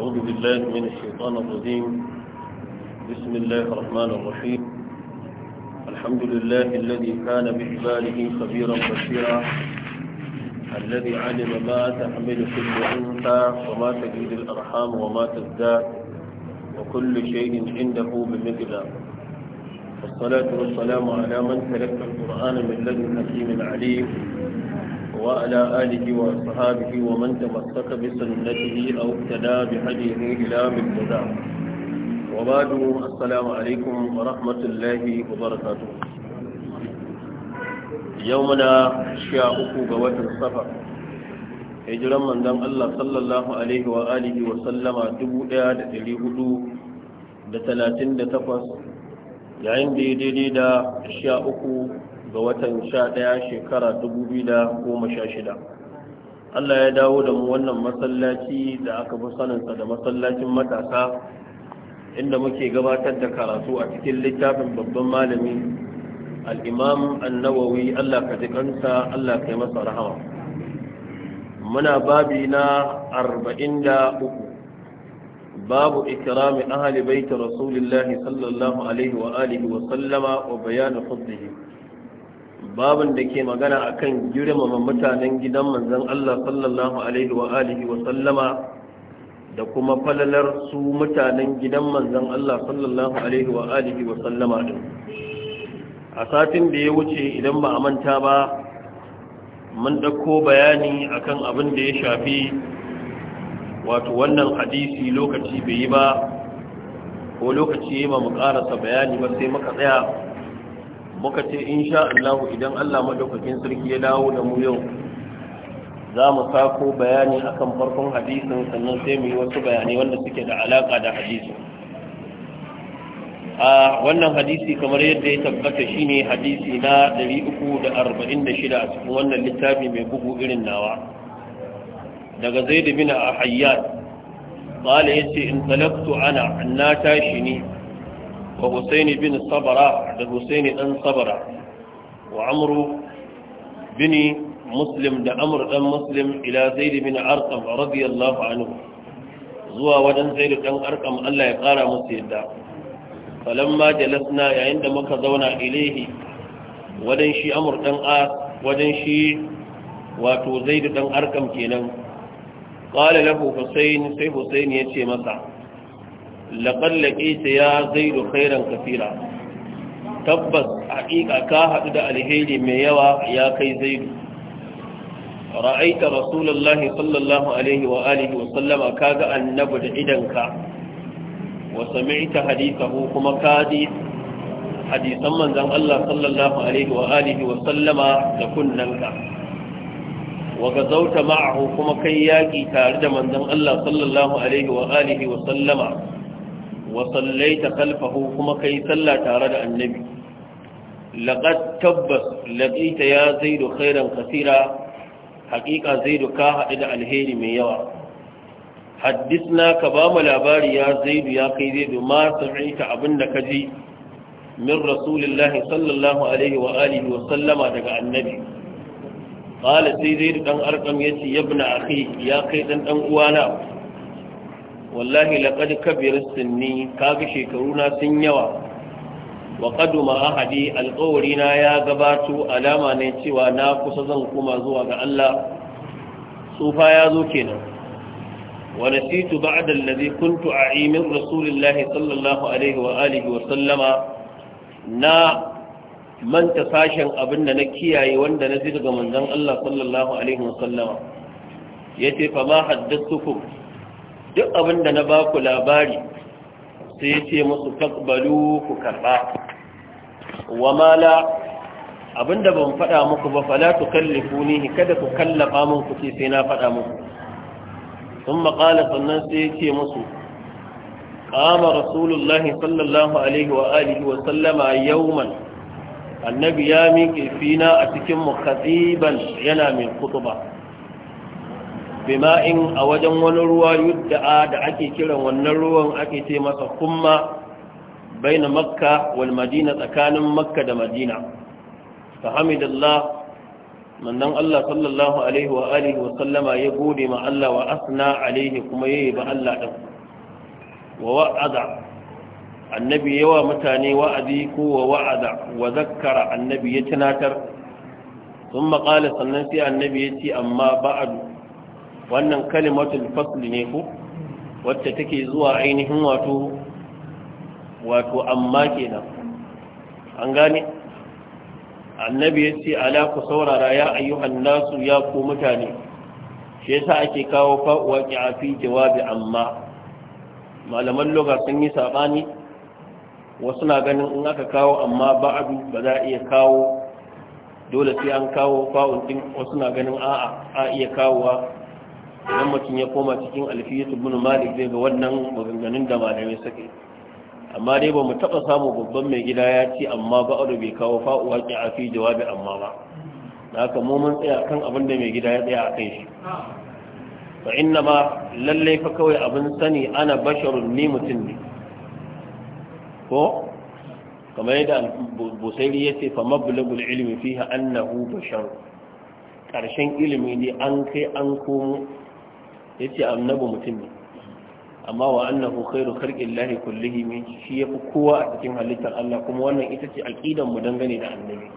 أعوذ بالله من الشيطان الرجيم بسم الله الرحمن الرحيم الحمد لله الذي كان بإقباله خبيرا بشيرا الذي علم ما تحمل كل أنثى وما تجد الأرحام وما تزداد وكل شيء عنده بمثلا والصلاة والسلام على من تلقى القرآن من لدن حكيم عليم وعلى آله وأصحابه ومن تمسك بسنته أو اقتدى بهديه إلى مبتدع وبعد السلام عليكم ورحمة الله وبركاته يومنا شاءك قوات السفر hijiran manzon Allah sallallahu alaihi wa alihi wa sallama 1438 yayin da ya daidai da 13 ga watan ɗaya shekara goma shida. Allah ya dawo da mu wannan masallaci da aka fi saninsa da masallacin matasa inda muke gabatar da karatu a cikin littafin babban malami al'imam annawawi Allah ka jikansa Allah ka yi masa rahama muna babi na uku. babu ikirami ahali baita rasulillahi sallallahu alaihi wa alihi wa sallama wa bayanin fadlihi babin da ke magana akan girmama mutanen gidan manzon Allah sallallahu alaihi wa alihi wa sallama da kuma falalar su mutanen gidan manzon Allah sallallahu alaihi wa alihi wa sallama din a satin da ya wuce idan ba a manta ba mun dauko bayani akan abin da ya shafi wato wannan hadisi lokaci bai yi ba ko lokaci ya ma mu karasa bayani ba sai muka tsaya muka ce in sha Allah idan Allah madaukakin sarki ya dawo da mu yau za mu sako bayani akan farkon hadisin sannan sai mu yi wasu bayanai wanda suke da alaka da hadisin a wannan hadisi kamar yadda ya tabbata shine hadisi na 346 a cikin wannan littafi mai bugu irin nawa daga zaid bin ahayyan qala yace in talaktu ana na tashi ne وحسين بن صبرا ده حسين بن صبرا وعمرو بن مسلم ده عمرو بن مسلم إلى زيد بن أرقم رضي الله عنه زوا ودن زيد بن أرقم الله يقارى مسيدا فلما جلسنا عند مكزونا إليه ودن شي عمرو بن آس ودن شي واتو زيد بن أرقم كينا قال له حسين سي حسين يتي مسح laqad laqita ya zaidu khairan kafira tabbas haƙiƙa ka haɗu da alheri mai yawa ya kai zaidu ra'aita Rasulallah sallallahu alaihi wa alihi wa sallama kaga annabi da idanka wa sami'ta hadithahu kuma ka ji hadisan manzan Allah sallallahu alaihi wa alihi wa sallama da kunnanka wa gazauta ma'ahu kuma kai yaƙi tare da manzan Allah sallallahu alaihi wa alihi wa sallama wasallai ta kalfahu kuma kai tsalla tare da annabi laƙat tabbas laƙita ya zai da khairan kasira haƙiƙa zai ka haɗu da alheri mai yawa haddisna ka bamu mu labari ya zai ya kai zai da ma sa'ita ka ji min rasulullahi sallallahu alaihi wa wa sallama daga annabi qala sai zai da dan arkam yace yabna akhi ya kai dan dan uwana wallahi laqad kabira sinni kaga shekaru na sun yawa wa qaduma ahadi alƙawari na ya gabato alama ne cewa na kusa zan kuma zuwa ga Allah tsufa ya zo kenan wa nasitu ba'da allazi kuntu a'i min rasulillahi sallallahu alaihi wa alihi wa sallama na manta sashen abin da na kiyaye wanda na ji daga manzon Allah sallallahu alaihi wa sallama yace fa ma haddathukum duk abin da na ba ku labari sai ce musu takbalu ku karɓa wa mala abin da ban faɗa muku ba fala tu kallifu ni kada ku kallafa min ku ce sai na faɗa muku sun maƙala sannan sai ce musu Kama rasulullahi sallallahu alaihi wa alihi wa sallama yauman annabi ya miƙe fina a cikin mu yana mai kutuba bima'in a wajen wani ruwa yudda'a da ake kiran wannan ruwan ake ce masa kuma baina makka wal madina tsakanin makka da madina fa hamidallah mannan Allah sallallahu alaihi wa alihi wa sallama ya gode ma Allah wa asna alaihi kuma yayi ba Allah din wa wa'ada annabi yawa mutane wa'azi ko wa wa'ada wa zakkara annabi ya tunatar sun قال sannan sai annabi ya yace amma ba'du wannan kalimatul fasl ne ku wacce take zuwa ainihin wato wato amma kenan an gane annabi ya ce ala ku saurara ya ayyuhan nasu ya ku mutane shi yasa ake kawo fa'uwa fi jawabi amma malaman loga sun yi sabani wasu na ganin in aka kawo amma abu ba za a iya kawo dole sai an kawo fa'un din wasu na ganin a'a a iya kawowa idan mutum ya koma cikin alfiyatu bin malik zai ga wannan maganganun da malamai suke amma dai ba mu taba samu babban mai gida ya ce amma ba a bai kawo fa'uwa ki a fi jawabi amma ba da haka mu mun tsaya kan abin da mai gida ya tsaya a kan shi fa inna ma lallai fa kawai abin sani ana basharun ni mutum ne ko kamar yadda busairi ya ce fa mablagul ilmi fiha annahu bashar karshen ilimi ne an kai an komo yace annabi mutum ne amma wa annahu khairu khalqillahi kullihi min shi yafi kowa a cikin halittar Allah kuma wannan ita ce aqidan mu dangane da annabi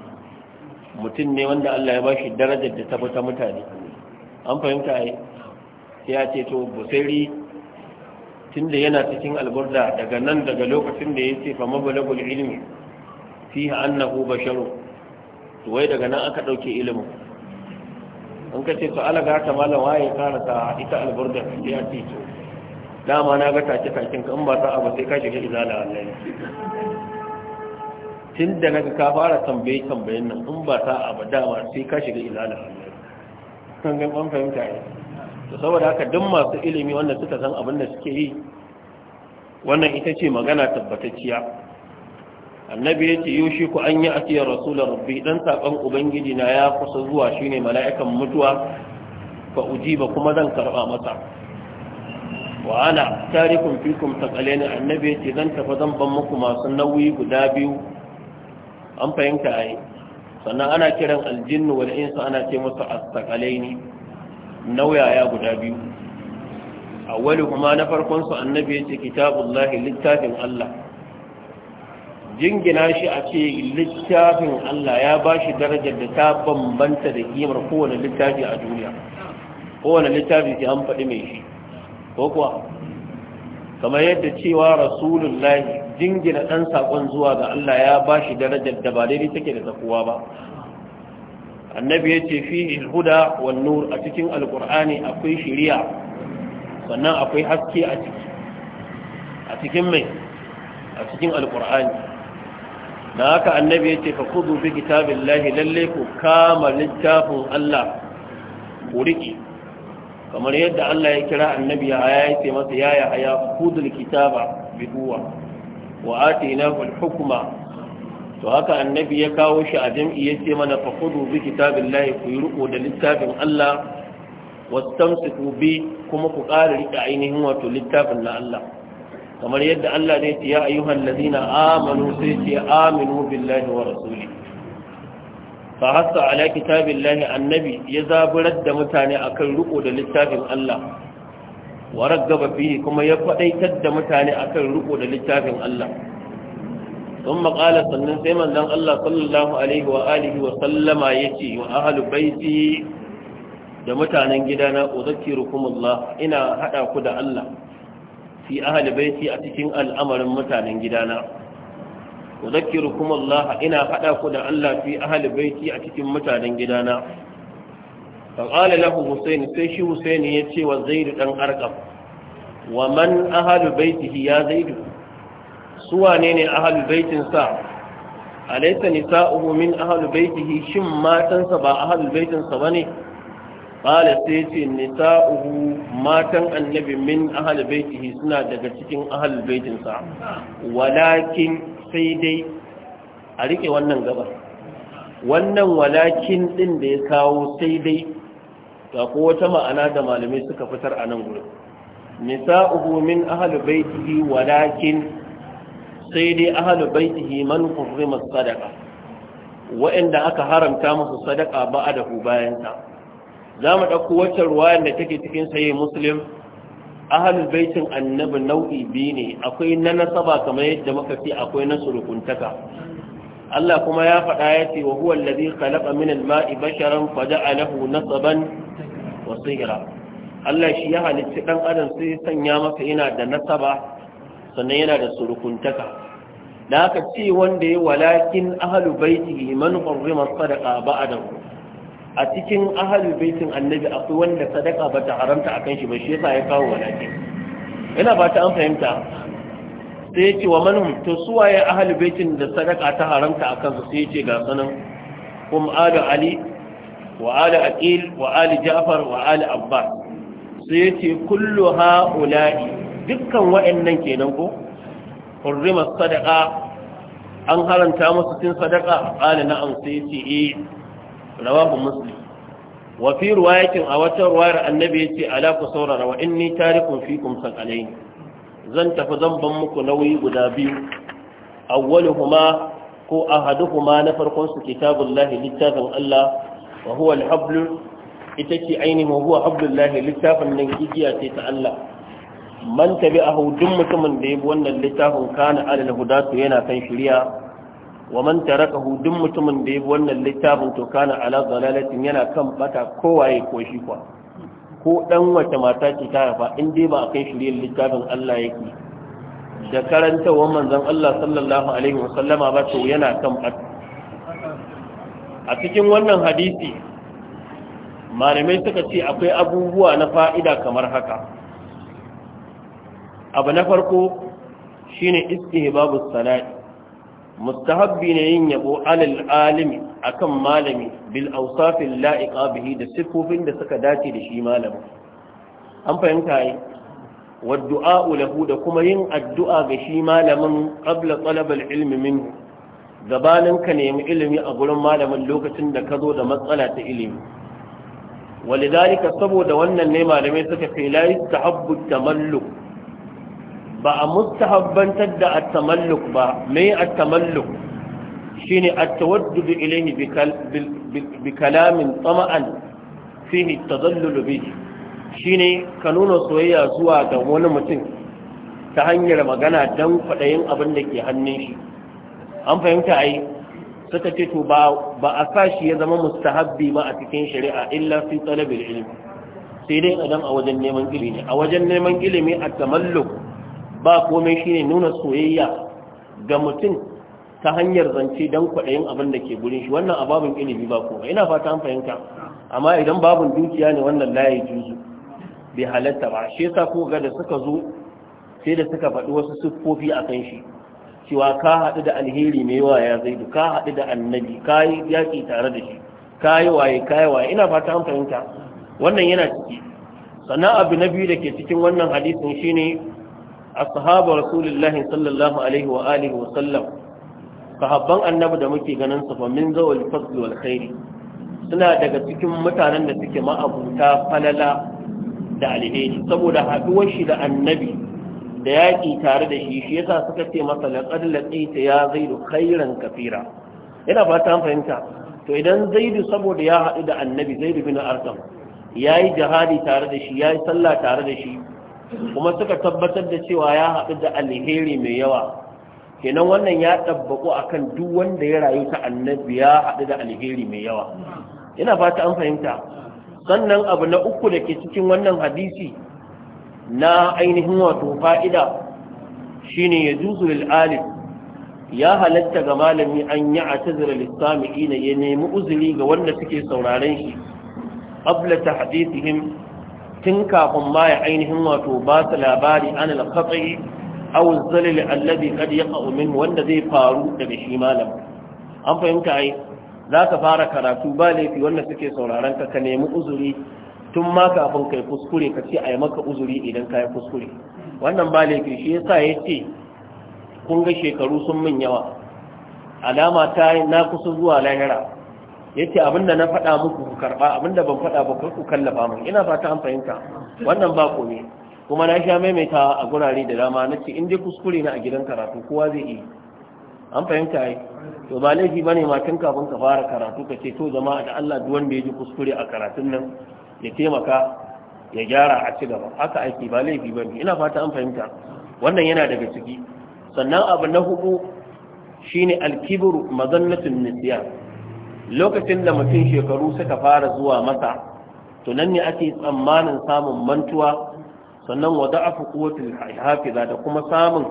mutum ne wanda Allah ya bashi darajar da ta ta mutane an fahimta ai ya ce to busairi tunda yana cikin alburda daga nan daga lokacin da ya ce fa mabalagul ilmi fiha annahu basharu to wai daga nan aka dauke ilimin in ka ce su alaga ta malam waye ta ita alburda ya ce to dama na ga take takin in ba ta abu sai ka shiga izala Allah tun da naga ka fara tambaye tambayen nan in ba ba abu dama sai ka shiga izala Allah kan ga ban fahimta ne to saboda haka duk masu ilimi wanda suka san abin da suke yi wannan ita ce magana tabbatacciya annabi yace yushi ku an yi atiya rasulur rabbi dan sakon ubangiji na ya kusa zuwa shine mala'ikan mutuwa fa ba kuma zan karba masa wa ana tarikun fikum ne, annabi ce zan tafi zan ban muku masu nauyi guda biyu an fahimta ai sannan ana kiran aljinnu wani insu ana ce musu astaqalaini nauyaya guda biyu awwalu kuma na farkon su annabi yace kitabullahi littafin Allah jingina shi a ce littafin Allah ya ba shi darajar da ta bambanta da kimar kowane littafi a duniya kowane littafi sai an faɗi mai shi ko kuwa kamar yadda cewa rasulullahi jingina ɗan saƙon zuwa ga Allah ya ba shi darajar da ba daidai take da takuwa ba annabi ya ce fi huda wa nur a cikin alƙur'ani akwai shiriya sannan akwai haske a ciki a cikin mai a cikin alkur'ani da haka annabi ya ce "Ka kudu bi kitabin lahi lalle ku kama littafin Allah ku riƙe kamar yadda Allah ya kira annabi ya haya ya ce masa ya ya haya kudul kitaba bi kuwa wa na kul hukuma? to haka annabi ya kawo shi a jam'i ya ce mana "Ka kudu bi kitabin lahi ku yi riƙo da littafin Allah ku bi kuma ku ƙara riƙe ainihin wato littafin na Allah kamar yadda Allah zai ce ya ayyuhan lazina, amanu sai ce aminu billahi wa rasuli fa hasa ala kitabillahi annabi ya zaburar da mutane akan riko da littafin Allah wa raggaba fihi kuma ya fadaitar da mutane akan riko da littafin Allah ثم قال sannan sai manzon Allah sallallahu alaihi wa alihi wa sallama yace wa ahlu baiti da mutanen gidana uzakirukumullah ina hada ku da Allah fi ahli baiti a cikin al'amarin mutanen gidana Ku udhakkirukum Allah ina fada ku da Allah fi ahli baiti a cikin mutanen gidana fa qala lahu Husayn sai shi Husayn ya ce wa Zaid ɗan Arqam wa man ahli baitihi ya Zaid su wane ne ahli baitin sa alaysa nisa'uhu min ahli baitihi shin matansa ba ahli baitin sa bane qala sai ce nisa'uhu matan annabi min ahli baitihi suna daga cikin ahli baitinsa walakin sai dai a rike wannan gabar wannan walakin din da ya kawo sai dai ga ko wata ma'ana da malamai suka fitar a nan gurin nisa'uhu min ahli baitihi walakin sai dai ahli baitihi man hurrimat sadaqa wa'anda aka haramta musu sadaqa ba'adahu bayan ta za mu ɗauko wacce ruwayar da take cikin sayi muslim ahalul baitin annabi nau'i biyu ne akwai na nasaba kamar yadda muka fi akwai na surukuntaka Allah kuma ya faɗa ya ce wa huwa allazi khalaqa min al-ma'i basharan faja'alahu nasaban wa sihra Allah shi ya halicci dan adam sai sanya masa yana da nasaba sannan yana da surukuntaka da aka ce wanda ya walakin ahalu baitihi man hurrima sadaqa ba'dahu a cikin ahalul baitin annabi akwai wanda sadaka ba ta haramta akan shi ba shi yasa ya kawo walakin ina ba ta an fahimta sai ce wa manum to suwaye ahalul baitin da sadaka ta haramta akan su sai ce ga sanan kuma alu ali wa aqil wa ali ja'far wa ali abbas sai ce kullu ula'i dukkan wa'annan kenan ko hurrimat sadaka! an haramta musu cin sadaka qala na'am sai yace eh rawahu muslim wa fi riwayatin a wata ruwayar annabi ya ala ku saurara wa inni tarikun fikum saqalain zan tafi zan ban muku nauyi guda biyu awwaluhuma ko huma na farkon su kitabullahi littafin Allah wa huwa ita ce ainihin huwa hablullahi littafin nan igiya ce ta Allah man a duk mutumin da ya bi wannan littafin kana alal hudatu yana kan shiriya. wa man tarakahu duk mutumin da ya bi wannan littafin to kana ala dalalatin yana kan bata kowaye ko shi kwa ko dan wata mata ce ta haifa in dai ba akan shirye littafin Allah yake da wa manzon Allah sallallahu alaihi wasallama ba to yana kan bata a cikin wannan hadisi malamai suka ce akwai abubuwa na fa'ida kamar haka abu na farko shine istihbabus salati mustahabbi ne yin yabo alal alimi akan malami bil awsafil la'iqa bihi da sifofin da suka dace da shi malamin. an fahimta yi wa du'a lahu da kuma yin addu'a ga shi malamin qabla talab al ilmi minhu gabanin ka nemi ilimi a gurin malamin lokacin da ka zo da matsala ta ilimi walidalika saboda wannan ne malamai suka kai la yastahabbu tamalluk ba a mustahabbantar da at-tamalluk ba me at-tamalluk shine at-tawaddud ilayhi bi kalamin tama'an fihi tadallul bihi shine ka nuna soyayya zuwa ga wani mutum ta hanyar magana dan kwadayin abin da ke hannun shi an fahimta ai suka ce to ba a sashi ya zama mustahabbi ba a cikin shari'a illa fi talabil ilmi sai dai idan a wajen neman ilimi a wajen neman ilimi at-tamalluk ba komai shine nuna soyayya ga mutum ta hanyar zance don kwaɗayin abin da ke gurin shi wannan a babin ilimi ba komai ina fata an fahimta amma idan babin dukiya ne wannan layi juzu bai halatta ba shi yasa ko ga da suka zo sai da suka faɗi wasu siffofi a kan shi cewa ka haɗu da alheri mai yawa ya zaidu ka haɗu da annabi ka yi yaƙi tare da shi ka yi waye ka yi waye ina fata an fahimta wannan yana ciki sannan abu na biyu da ke cikin wannan hadisin shine ashabu rasulillahi sallallahu alaihi wa wa sallam sahabban annabi da muke ganin su fa min zawal fadl wal khairi suna daga cikin mutanen da suke ma'abuta falala da alheri saboda haduwar shi da annabi da yaƙi tare da shi shi yasa suka ce masa laqad laqita ya kafira fahimta to idan zaidu saboda ya haɗu da annabi zaidu bin ya yayi jihadi tare da shi yayi sallah tare da shi kuma suka tabbatar da cewa ya haɗu da alheri mai yawa kenan wannan ya ɗabbaƙo akan duk wanda ya rayu ta annabi ya haɗu da alheri mai yawa ina fata an fahimta sannan abu na uku da ke cikin wannan hadisi na ainihin wato fa'ida shi ne ya juzu lil'alif ya halatta ga malami an yi a tazirar ina ya nemi uzuri ga wanda suke sauraren shi abla ta hadisihim tun kafin ma ya ainihin wato ba su labari an alkhatsai awu zalil alladhi qad a min wanda zai faru daga shi malam an fahimta ai za ka fara karatu ba laifi wanda suke sauraron ka ka nemi uzuri tun ma kafin kai kuskure ka ce a yi maka uzuri idan ka yi kuskure wannan ba laifi shi ya sa ya ce kun ga shekaru sun min yawa alama ta na kusa zuwa lahira yace abinda na faɗa muku ku karba abinda ban faɗa ba ku kallafa mun ina fata an fahimta wannan ba ne. kuma na sha maimaita a gurare da dama nace in dai kuskure na a gidan karatu kowa zai yi an fahimta ai to ba laifi bane ma tun kafin ka fara karatu ka ce to jama'a da Allah duk wanda ya ji kuskure a karatun nan ya taimaka ya gyara a ci gaba haka aiki ba laifi bane ina fata an fahimta wannan yana daga ciki sannan abu na hudu shine al-kibru mazannatul nisyan lokacin da mutum shekaru suka fara zuwa mata tunan ne ake tsammanin samun mantuwa sannan wa da'afu quwwatul hafiza da kuma samun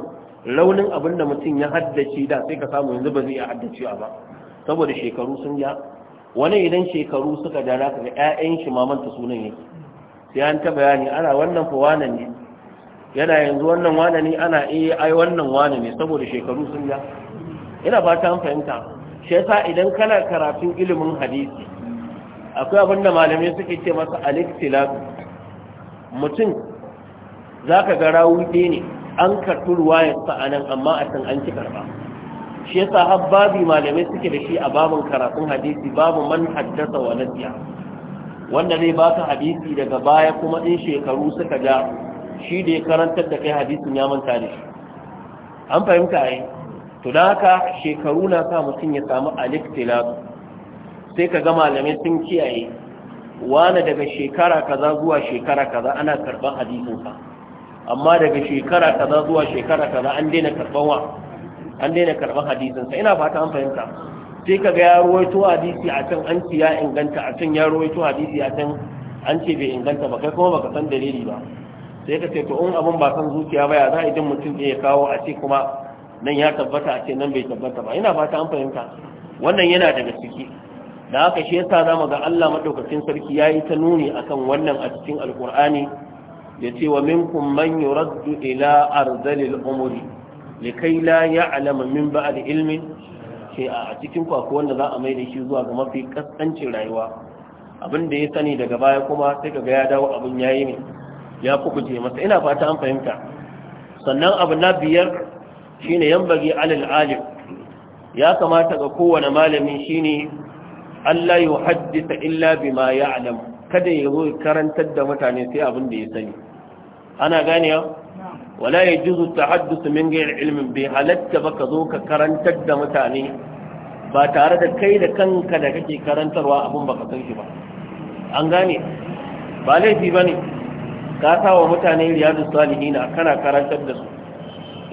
raunin abin da mutum ya haddace da sai ka samu yanzu ba zai iya haddacewa ba saboda shekaru sun ya, wani idan shekaru suka ja za ka ga ƴaƴan shi ma manta sunan yake sai an ta bayani ana wannan fa wane ne yana yanzu wannan wane ne ana eh ai wannan wane ne saboda shekaru sun ya? ina ba ta fahimta shi yasa idan kana karatun ilimin hadisi akwai abin da malamai suke ce masa al mutum mutum ka ga rawuɗe ɗaya ne an karɓi ruwayar a nan, amma a can an ci karɓa. shi yasa har babi malamai suke da shi a babin karatun hadisi babu man haddasa wa nasiya wanda zai baka hadisi daga baya kuma in shekaru suka ja shi da ya karantar da kai hadisin ya manta da shi an fahimta ai to da haka shekaru na sa mutum ya samu aliftilasu sai ka gama malamai sun kiyaye wani daga shekara kaza zuwa shekara kaza ana karban hadisinsa amma daga shekara kaza zuwa shekara kaza an daina karban wa an daina karban hadisinsa ina fata an fahimta sai ka ga ya ruwaito hadisi a can an ce ya inganta a can ya ruwaito hadisi a can an ce bai inganta ba kai kuma baka san dalili ba sai ka ce to in abin ba san zuciya ba ya za a idan mutum ya kawo a ce kuma nan ya tabbata a ce nan bai tabbata ba ina fata an fahimta wannan yana daga ciki da haka shi yasa zamu ga Allah madaukakin sarki yayi ta nuni akan wannan a cikin alqur'ani yace wa minkum man yuraddu ila ardalil umuri likai la ya'lamu min ba'd ilmin shay'a a cikin ku akwai wanda za a mai da shi zuwa ga mafi kaskancin rayuwa abin da ya sani daga baya kuma sai kaga ya dawo abin yayi ne ya kuje masa ina fata an fahimta sannan abu na biyar shine yambagi alal alim ya kamata ga kowane malami shine Allah ya haddisa illa bima ya'lam kada ya zo karantar da mutane sai abin da ya sani ana gane ya wala yajuzu tahaddusu min ghairi ilmin bi halatta baka zo ka karantar da mutane ba tare da kai da kanka da kake karantarwa abin baka san shi ba an gane ba laifi bane ka sa wa mutane riyadu salihina kana karantar da su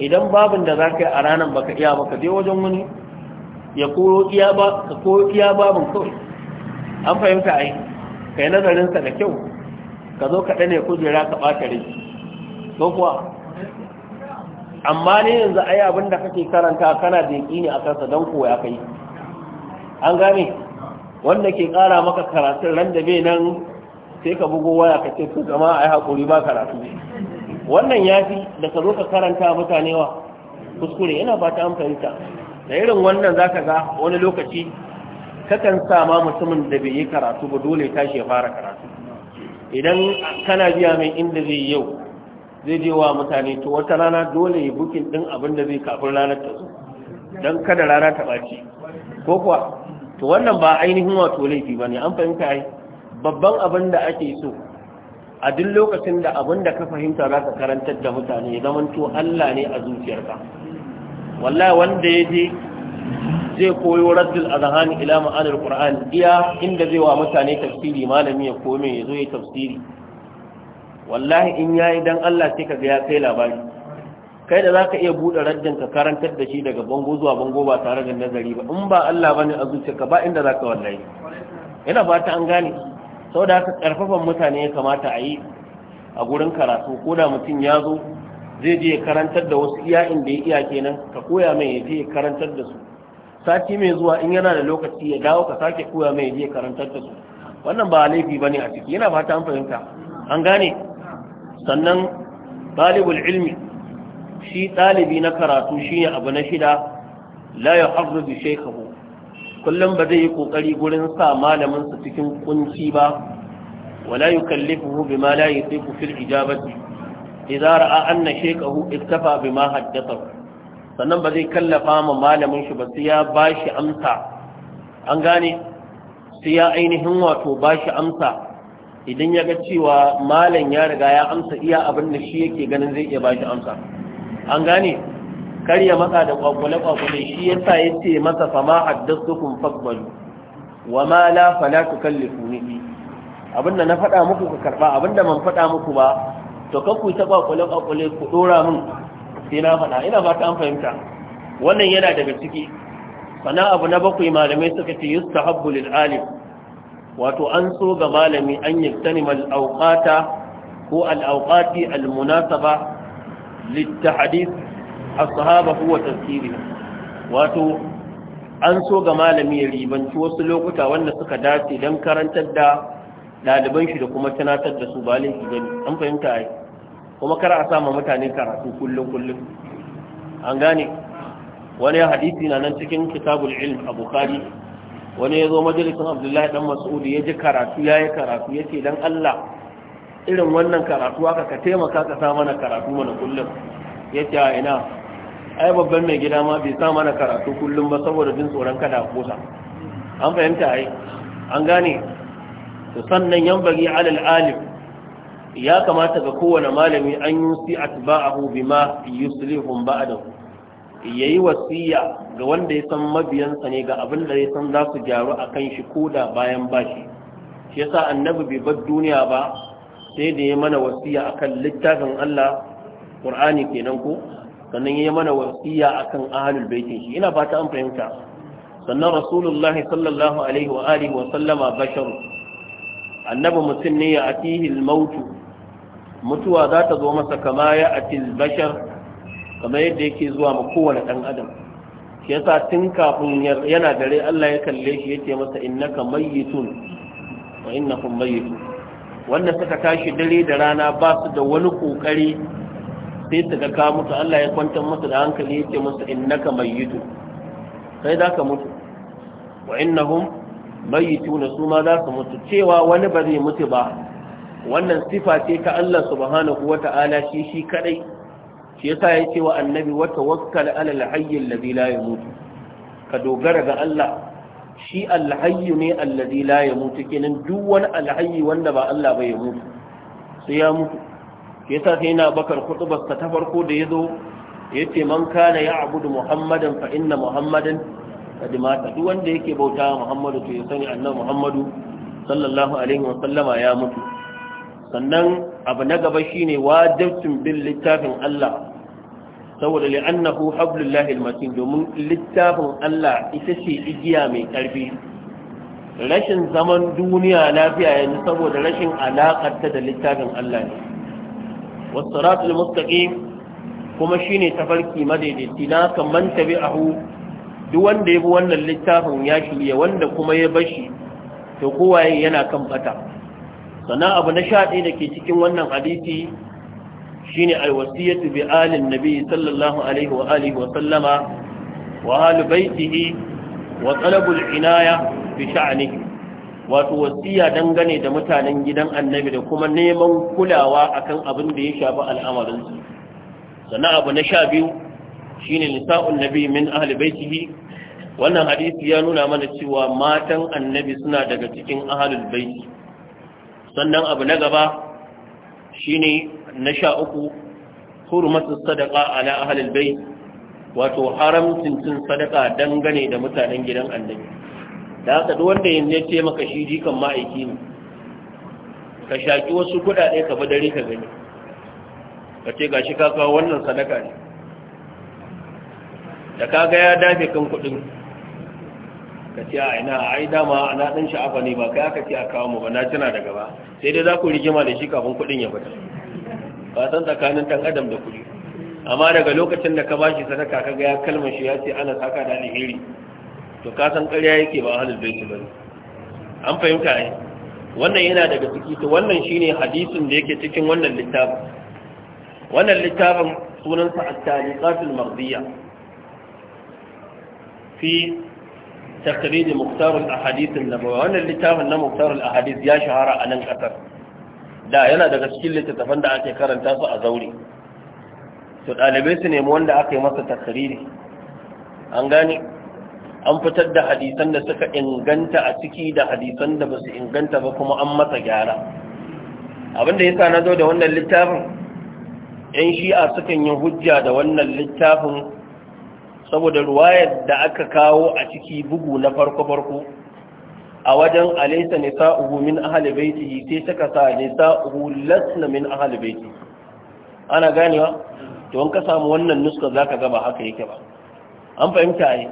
idan babin da za ka yi a ranar baka iya baka je wajen wani ya koyo iya babin kawai an fahimta ai kai nazarin sa da kyau ka zo ka dane kujera ka ɓata rai ko kuwa amma ne yanzu ai abin da kake karanta kana da yaki ne a kansa dan koya kai an gane wanda ke kara maka karatun ran da bai nan sai ka bugo waya ka ce gama jama'a ai hakuri ba karatu wannan ya fi da ka zo ka karanta mutane wa kuskure yana ba ta amfanta da irin wannan za ka ga wani lokaci kakan sama mutumin da bai yi karatu ba dole tashi ya fara karatu idan kana biya mai inda zai yau zai je wa mutane to wata rana dole ya bukin din abin da zai kafin ranar ta zo don kada rana ta ɓaci ko kuwa to wannan ba ainihin wato laifi ba ne an fahimta yi babban abin da ake so a duk lokacin da abin da ka fahimta za ka karantar da mutane zaman zamanto Allah ne a zuciyarka wallahi wanda ya je zai koyo raddul azhani ila ma'anar qur'an iya inda zai wa mutane tafsiri malami ya kome ya zo ya tafsiri wallahi in yayi dan Allah sai ga ya kai labari kai da zaka iya bude raddin ka karantar da shi daga bango zuwa bango ba tare da nazari ba in ba Allah bane a zuciyarka ba inda zaka wallahi ina fata an gane sau da haka ƙarfafan mutane ya kamata a yi a gurin karatu ko da mutum ya zo zai je karantar da wasu iya inda ya iya kenan ka koya mai ya je karantar da su sati mai zuwa in yana da lokaci ya dawo ka sake koya mai ya je karantar da su wannan ba laifi bane a ciki yana fata an fahimta an gane sannan talibul ilmi shi ɗalibi na karatu shine abu na shida la yuhaddu bi shaykhihi kullum ba zai yi kokari gurin sa malamin su cikin kunci ba wala yukallifuhu bima la yusifu fil ijabati idza ra'a anna shaykhahu iktafa bima haddatha sannan ba zai kallafa ma malamin shi ba sai ya bashi amsa an gane sai ya ainihin wato bashi amsa idan ya ga cewa malam ya riga ya amsa iya abin da shi yake ganin zai iya bashi amsa an gane kar ya matsa da kwakwale-kwakwale shi ya sa ya ce masa fama haddastukun fakbalu wa ma la fala tukallifu ni abinda na faɗa muku ku karɓa abinda man faɗa muku ba to kan kanku ta kwakwale-kwakwale ku ɗora min sai na faɗa ina fata an fahimta wannan yana daga ciki sana abu na bakwai malamai suka ce yustahabbu lil alim wato an so ga malami an yaktani mal auqata ko al auqati al munasaba lit tahdith sahaba huwa tafsirina wato an so ga malami ya ribanci wasu lokuta wanda suka dace don karantar da ɗaliban shi da kuma tunatar da su ba laifi gani an fahimta ai kuma kar a sama mutane karatu kullum kullum an gane wani hadisi na nan cikin kitabul ilm a bukhari wani ya zo majalisun abdullahi dan mas'ud ya ji karatu ya yi karatu ya ce dan allah irin wannan karatu aka ka taimaka ka sa mana karatu mana kullum ya ce a ina ai babban mai gida ma bai sa mana karatu kullum ba saboda jin tsoron kada a kosa an fahimta ai an gane to sannan yan bagi alal alim ya kamata ga kowane malami an yusi atba'ahu bima yuslihum ba'dahu yayi wasiya ga wanda ya san mabiyansa ne ga abin da ya san za su gyaru akan shi da bayan bashi shi yasa annabi bai bar duniya ba sai da ya mana wasiya akan littafin Allah Qur'ani kenan ko sannan ya mana wasiya akan ahlul baitin shi ina fata an fahimta sannan rasulullah sallallahu alaihi wa alihi wa sallama bashar annabi mutum ne ya atihi al mutuwa za ta zo masa kama ya atil bashar kamar yadda yake zuwa ma kowane dan adam shi yasa tun kafin yana dare Allah ya kalle shi yace masa innaka mayyitun wa innakum mayyitun wanda suka tashi dare da rana ba su da wani kokari sai ta ga ka mutu Allah ya kwantar musu da hankali yake musu innaka mayyitu sai za ka mutu wa innahum mayyituna su ma za ka mutu cewa wani ba zai mutu ba wannan sifa ce ta Allah subhanahu wata'ala shi shi kadai shi yasa ya ce wa annabi wa tawakkal ala al-hayy alladhi la yamut ka dogara ga Allah shi al-hayy ne alladhi la yamut kenan duk wani al-hayy wanda ba Allah ba ya mutu sai ya mutu yasa sai na bakar kutubar ta farko da ya zo ya ce man kana ya abu da muhammadan fa inna muhammadan kad mata duk wanda yake bauta muhammadu to ya sani annan muhammadu sallallahu alaihi wa sallama ya mutu sannan abu na gaba shi shine wajibin bin littafin Allah saboda li'annahu hablullahi almatin domin littafin Allah ita ce igiya mai karfi rashin zaman duniya lafiya yanzu saboda rashin ta da littafin Allah ne wasaratul mustaqim kuma shine tafarki madaidaici na kan man tabi'ahu duk wanda ya bi wannan littafin ya shirye wanda kuma ya bashi to kowaye yana kan bata sannan abu na sha da ke cikin wannan hadisi shine alwasiyatu bi alin nabi sallallahu alaihi wa alihi wa sallama wa ahli baitihi wa talabul inaya bi sha'nihi wato wasiya dangane da mutanen gidan annabi da kuma neman kulawa akan abin da ya shafi al'amarinsu sana abu na sha biyu shine nisa'un nabi min ahli baitihi wannan hadisi ya nuna mana cewa matan annabi suna daga cikin ahlul sannan abu na gaba shine na sha uku hurmatu sadaqa ala ahlul bait wato haramcin sadaka dangane da mutanen gidan annabi da haka duk wanda yin ne ce maka shi jikan ma'aiki ne ka shaki wasu kuɗaɗe ka bi dare ka gani ka ce gashi ka kawo wannan sadaka ne da kaga ya dafe kan kuɗin ka ce a ina ai dama na ɗan sha'afa ne ba kai aka ce a kawo mu ba na tana da gaba sai dai za ku rigima da shi kafin kuɗin ya fita ba san tsakanin ɗan adam da kuɗi amma daga lokacin da ka bashi sadaka kaga ya kalmashi ya ce ana saka da alheri to ka san ƙarya yake ba ahlul baiti bane an fahimta ne wannan yana daga ciki to wannan shine hadisin da yake cikin wannan littafin wannan littafin sunan sunansa at-taliqatul mardiyya fi taqrid muqtar al-ahadith an-nabawi wannan littafin na muqtar al-ahadith ya shahara a nan kasar da yana daga cikin littattafan da ake karanta su a zauri to ɗalibai su nemi wanda aka yi masa takariri an gane an fitar da hadisan da suka inganta a ciki da hadisan da ba su inganta ba kuma an masa gyara abinda ya sa na zo da wannan littafin yan shi'a sukan yi hujja da wannan littafin saboda ruwayar da aka kawo a ciki bugu na farko-farko a wajen alaisa nisa'uhu min ahli baitihi sai suka sa nisa'uhu lasna min ahli baiti ana ganewa to an ka samu wannan nuska zaka ga ba haka yake ba an fahimta ai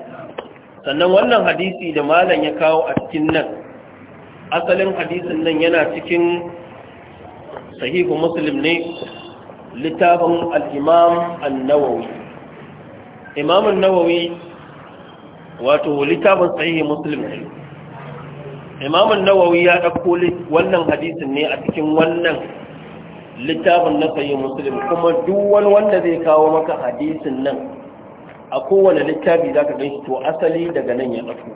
sannan wannan hadisi da malam ya kawo a cikin nan asalin hadisin nan yana cikin sahihu muslim ne littafin al'imam imam imamun nawawi wato littafin sahihi muslim ne imamun nawawi ya ɗauko wannan hadisin ne a cikin wannan littafin na sahihi muslim kuma duk wani wanda zai kawo maka hadisin nan a kowane littafi za ka gan to asali daga nan ya ɗauko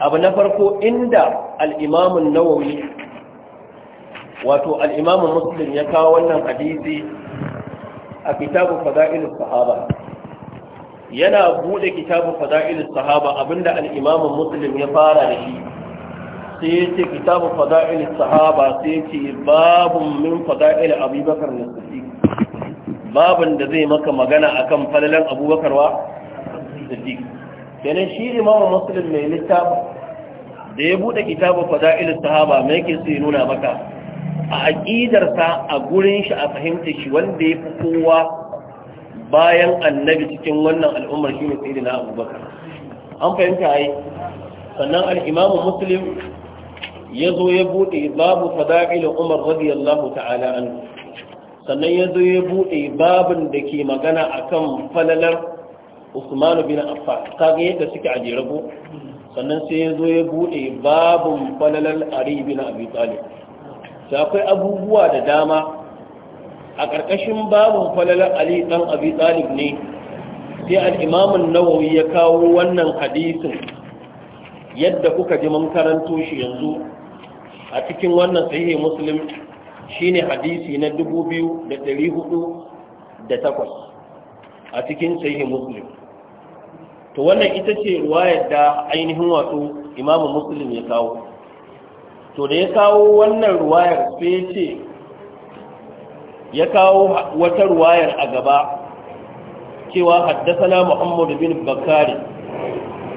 abu na farko inda al'imamun nawawi wato al'imamun muslim ya kawo wannan hadisi a kitabun fada'ilus sahaba yana bude kitabun fada'ilus sahaba abinda al'imamun muslim ya fara da shi sai ce kitabun fada'ilus sahaba sai ce babun min fada'il abubakar Nasiru. babin da zai maka magana akan falalan abubakar wa siddiq kenan shi imamu muslim mai littafi da ya bude kitabu fada'il sahaba mai yake sai nuna maka a sa a gurin shi a fahimta shi wanda ya fi kowa bayan annabi cikin wannan al'ummar shine sayyidina abubakar an fahimta ai sannan al-imamu muslim ya zo ya bude babu fada'il umar radiyallahu ta'ala anhu sannan ya zo ya buɗe babin da ke magana akan falalar usmanu bin affan ga yadda suke a jerabu sannan sai ya zo ya buɗe babin falalar ari bin sai akwai abubuwa da dama a ƙarƙashin babin falalar ali ɗan abi talib ne sai al'imamun nawawi ya kawo wannan hadisin yadda kuka ji mun shi yanzu a cikin wannan sahihi muslim shine hadisi na dubu biyu da ɗari hudu da takwas a cikin sahihi muslim to wannan ita ce ruwayar da ainihin wato imamu muslim ya kawo to da ya kawo wannan ruwayar sai ce ya kawo wata ruwayar a gaba cewa haddasana muhammad bin bakari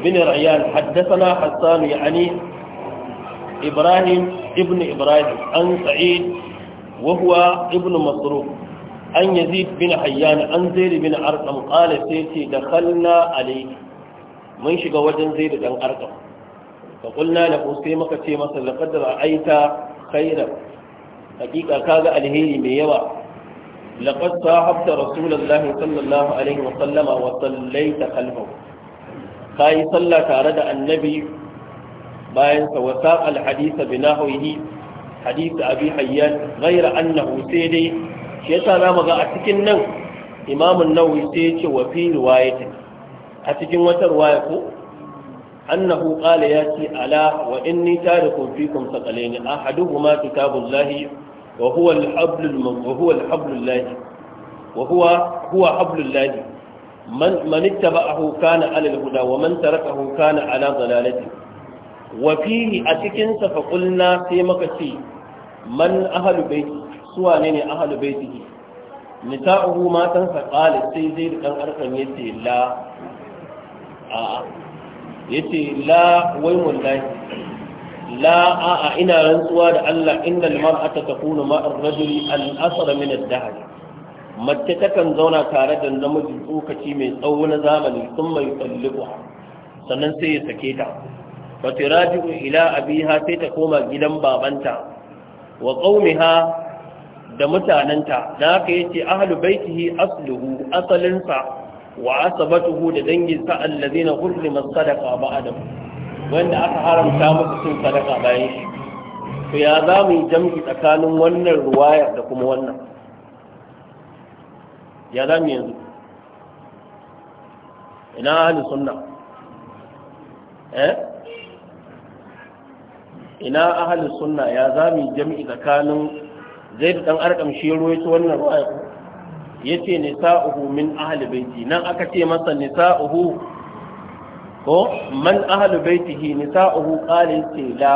bin rayyan haddasana hassan ya ibrahim ibn ibrahim an sa'id وهو ابن مسروق أن يزيد بن حيان أن زيد بن أرقم قال سيتي دخلنا عليه من شق وجن زيد بن أرقم فقلنا له سيمك سيمة لقد رأيت خيرا حقيقة كاد الهيري بيوا لقد صاحبت رسول الله صلى الله عليه وسلم وصليت خلفه كاي صلى تارد النبي باين وساق الحديث بنحوه hadisi abi hayyan ghaira annahu sai dai shi yasa zamu ga a cikin nan imam an-nawawi sai ya ce wa fi riwayati a cikin wata riwaya ko annahu qala ya ce ala wa inni tarikum fikum saqalaini ahaduhuma kitabullahi wa huwa al-hablul wa huwa al-hablullahi wa huwa huwa hablullahi man man ittaba'ahu kana ala al-huda wa man tarakahu kana ala dalalati wafihi a cikinsa faƙulna sai maka ce man ahalu baiti suwa ne ne ahalu baiti matan matansa ƙalis sai zai da ɗan arkan ya ce la a ya ce la wai mullahi la a a ina rantsuwa da Allah inda mar'ata takunu ma'ar rajuli al'asar asra min ad-dahr mace takan zauna tare da namiji tsokaci mai tsawo na zamani sun mai tsalliku sannan sai ya sake ta fa tiraji'u ila abiha sai ta koma gidan babanta wa qaumiha da mutanenta, da haka yace ahlu baitihi asluhu asalinsa wa asabatuhu da danginsa allazina hurrima sadaqa ba'dahu wanda aka haramta musu cin sadaka bayan shi ya za mu jam'i tsakanin wannan da kuma wannan ya za mu ina ina ahalin sunna ya zami jami'i tsakanin zaid ɗan arkam shi ruwaito wannan ruwaya yace nisa'uhu min ahli baiti nan aka ce masa nisa'uhu ko man ahli baitihi nisa'uhu uhu yace la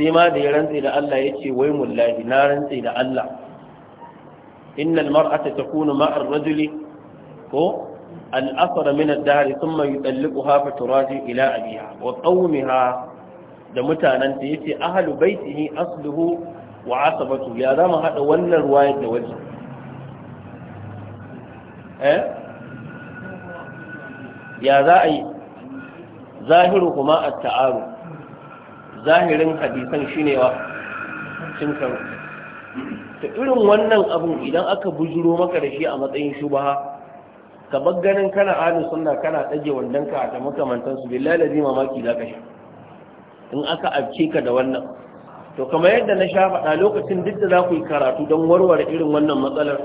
sai ma da ya rantse da Allah yace wai mullahi na rantse da Allah innal mar'ata takunu ma'ar rajuli ko الأثر من الدهر ثم يطلقها ila abiha أبيها وقومها da mutanen ta yace ahlu baitihi asluhu wa asabatu ya zama hada wannan ruwayar da waje eh ya za a yi zahiru kuma a taaru zahirin hadisan shine wa cin karo ta irin wannan abin idan aka bujuro maka da shi a matsayin shubaha ka bar ganin kana ahlus sunna kana dage wandanka da makamantansu billahi mamaki za ka shi in aka abce ka da wannan to kamar yadda na sha faɗa lokacin duk da za ku yi karatu don warware irin wannan matsalar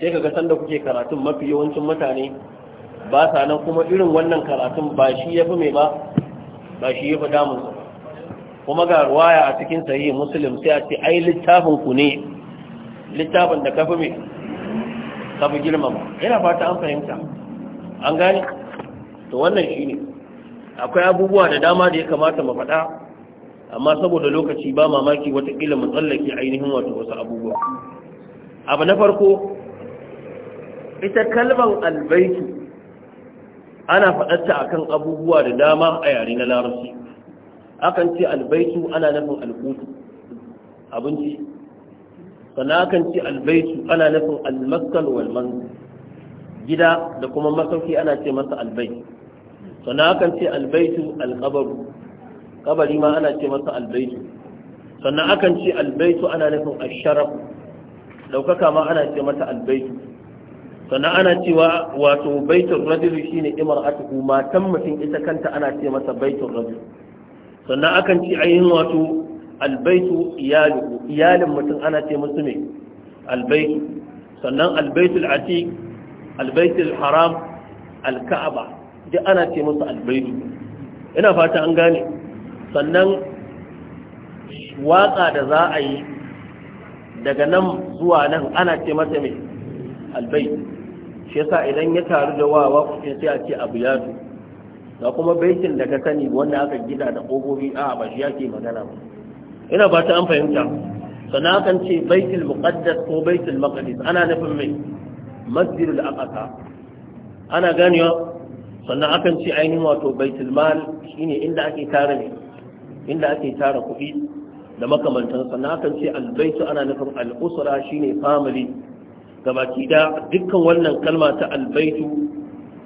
sai ka ga sanda kuke karatun mafi yawancin mutane ba sa nan kuma irin wannan karatun ba shi ya fi mai ba ba shi ya fi damunsa kuma ga ruwaya a cikin sahih muslim sai a ce ai littafin ku ne littafin da ka fi mai ka fi girmama yana fata an fahimta an gane to wannan shi ne akwai abubuwa da dama da ya kamata mu faɗa amma saboda lokaci ba mamaki watakila mu tsallake ainihin wato wasu abubuwa abu na farko ita kalmar albaitu ana faɗarta akan abubuwa da dama a yare na larabci akan ce albaitu ana nufin alkutu abinci sannan akan ce albaitu ana nufin almaskan walman gida da kuma masauki ana ce masa albaitu sannan akan ce albaitu alkabaru kabari ma ana ce masa albaitu sannan akan ce albaitu ana nufin asharaf daukaka ma ana ce mata albaitu sannan ana cewa wato baitun rajul shine imra'atuhu matan mutum ita kanta ana ce masa baitun rajul sannan akan ce ainihin wato albaitu iyaluhu iyalin mutum ana ce musu ne albaitu sannan albaitul atiq albaitul haram alka'aba duk ana ce musu albaidu ina fata an gane sannan waka da za a yi daga nan zuwa nan ana ce masa mai albaidu shi yasa idan ya taru da wawa kuke sai a ce abu yadu ga kuma baitin da ka sani wanda aka gida da ƙofofi a ba shi yake magana ba ina ba ta an fahimta sannan akan ce baitul muqaddas ko baitul maqdis ana nufin mai masjidul aqsa ana ganewa sannan akan ce ainihin wato baitulmal mal shine inda ake tara ne inda ake tara kuɗi da makamantan sannan akan ce albaitu ana nufin al'usra shine famili gabaki da dukkan wannan kalma ta albaitu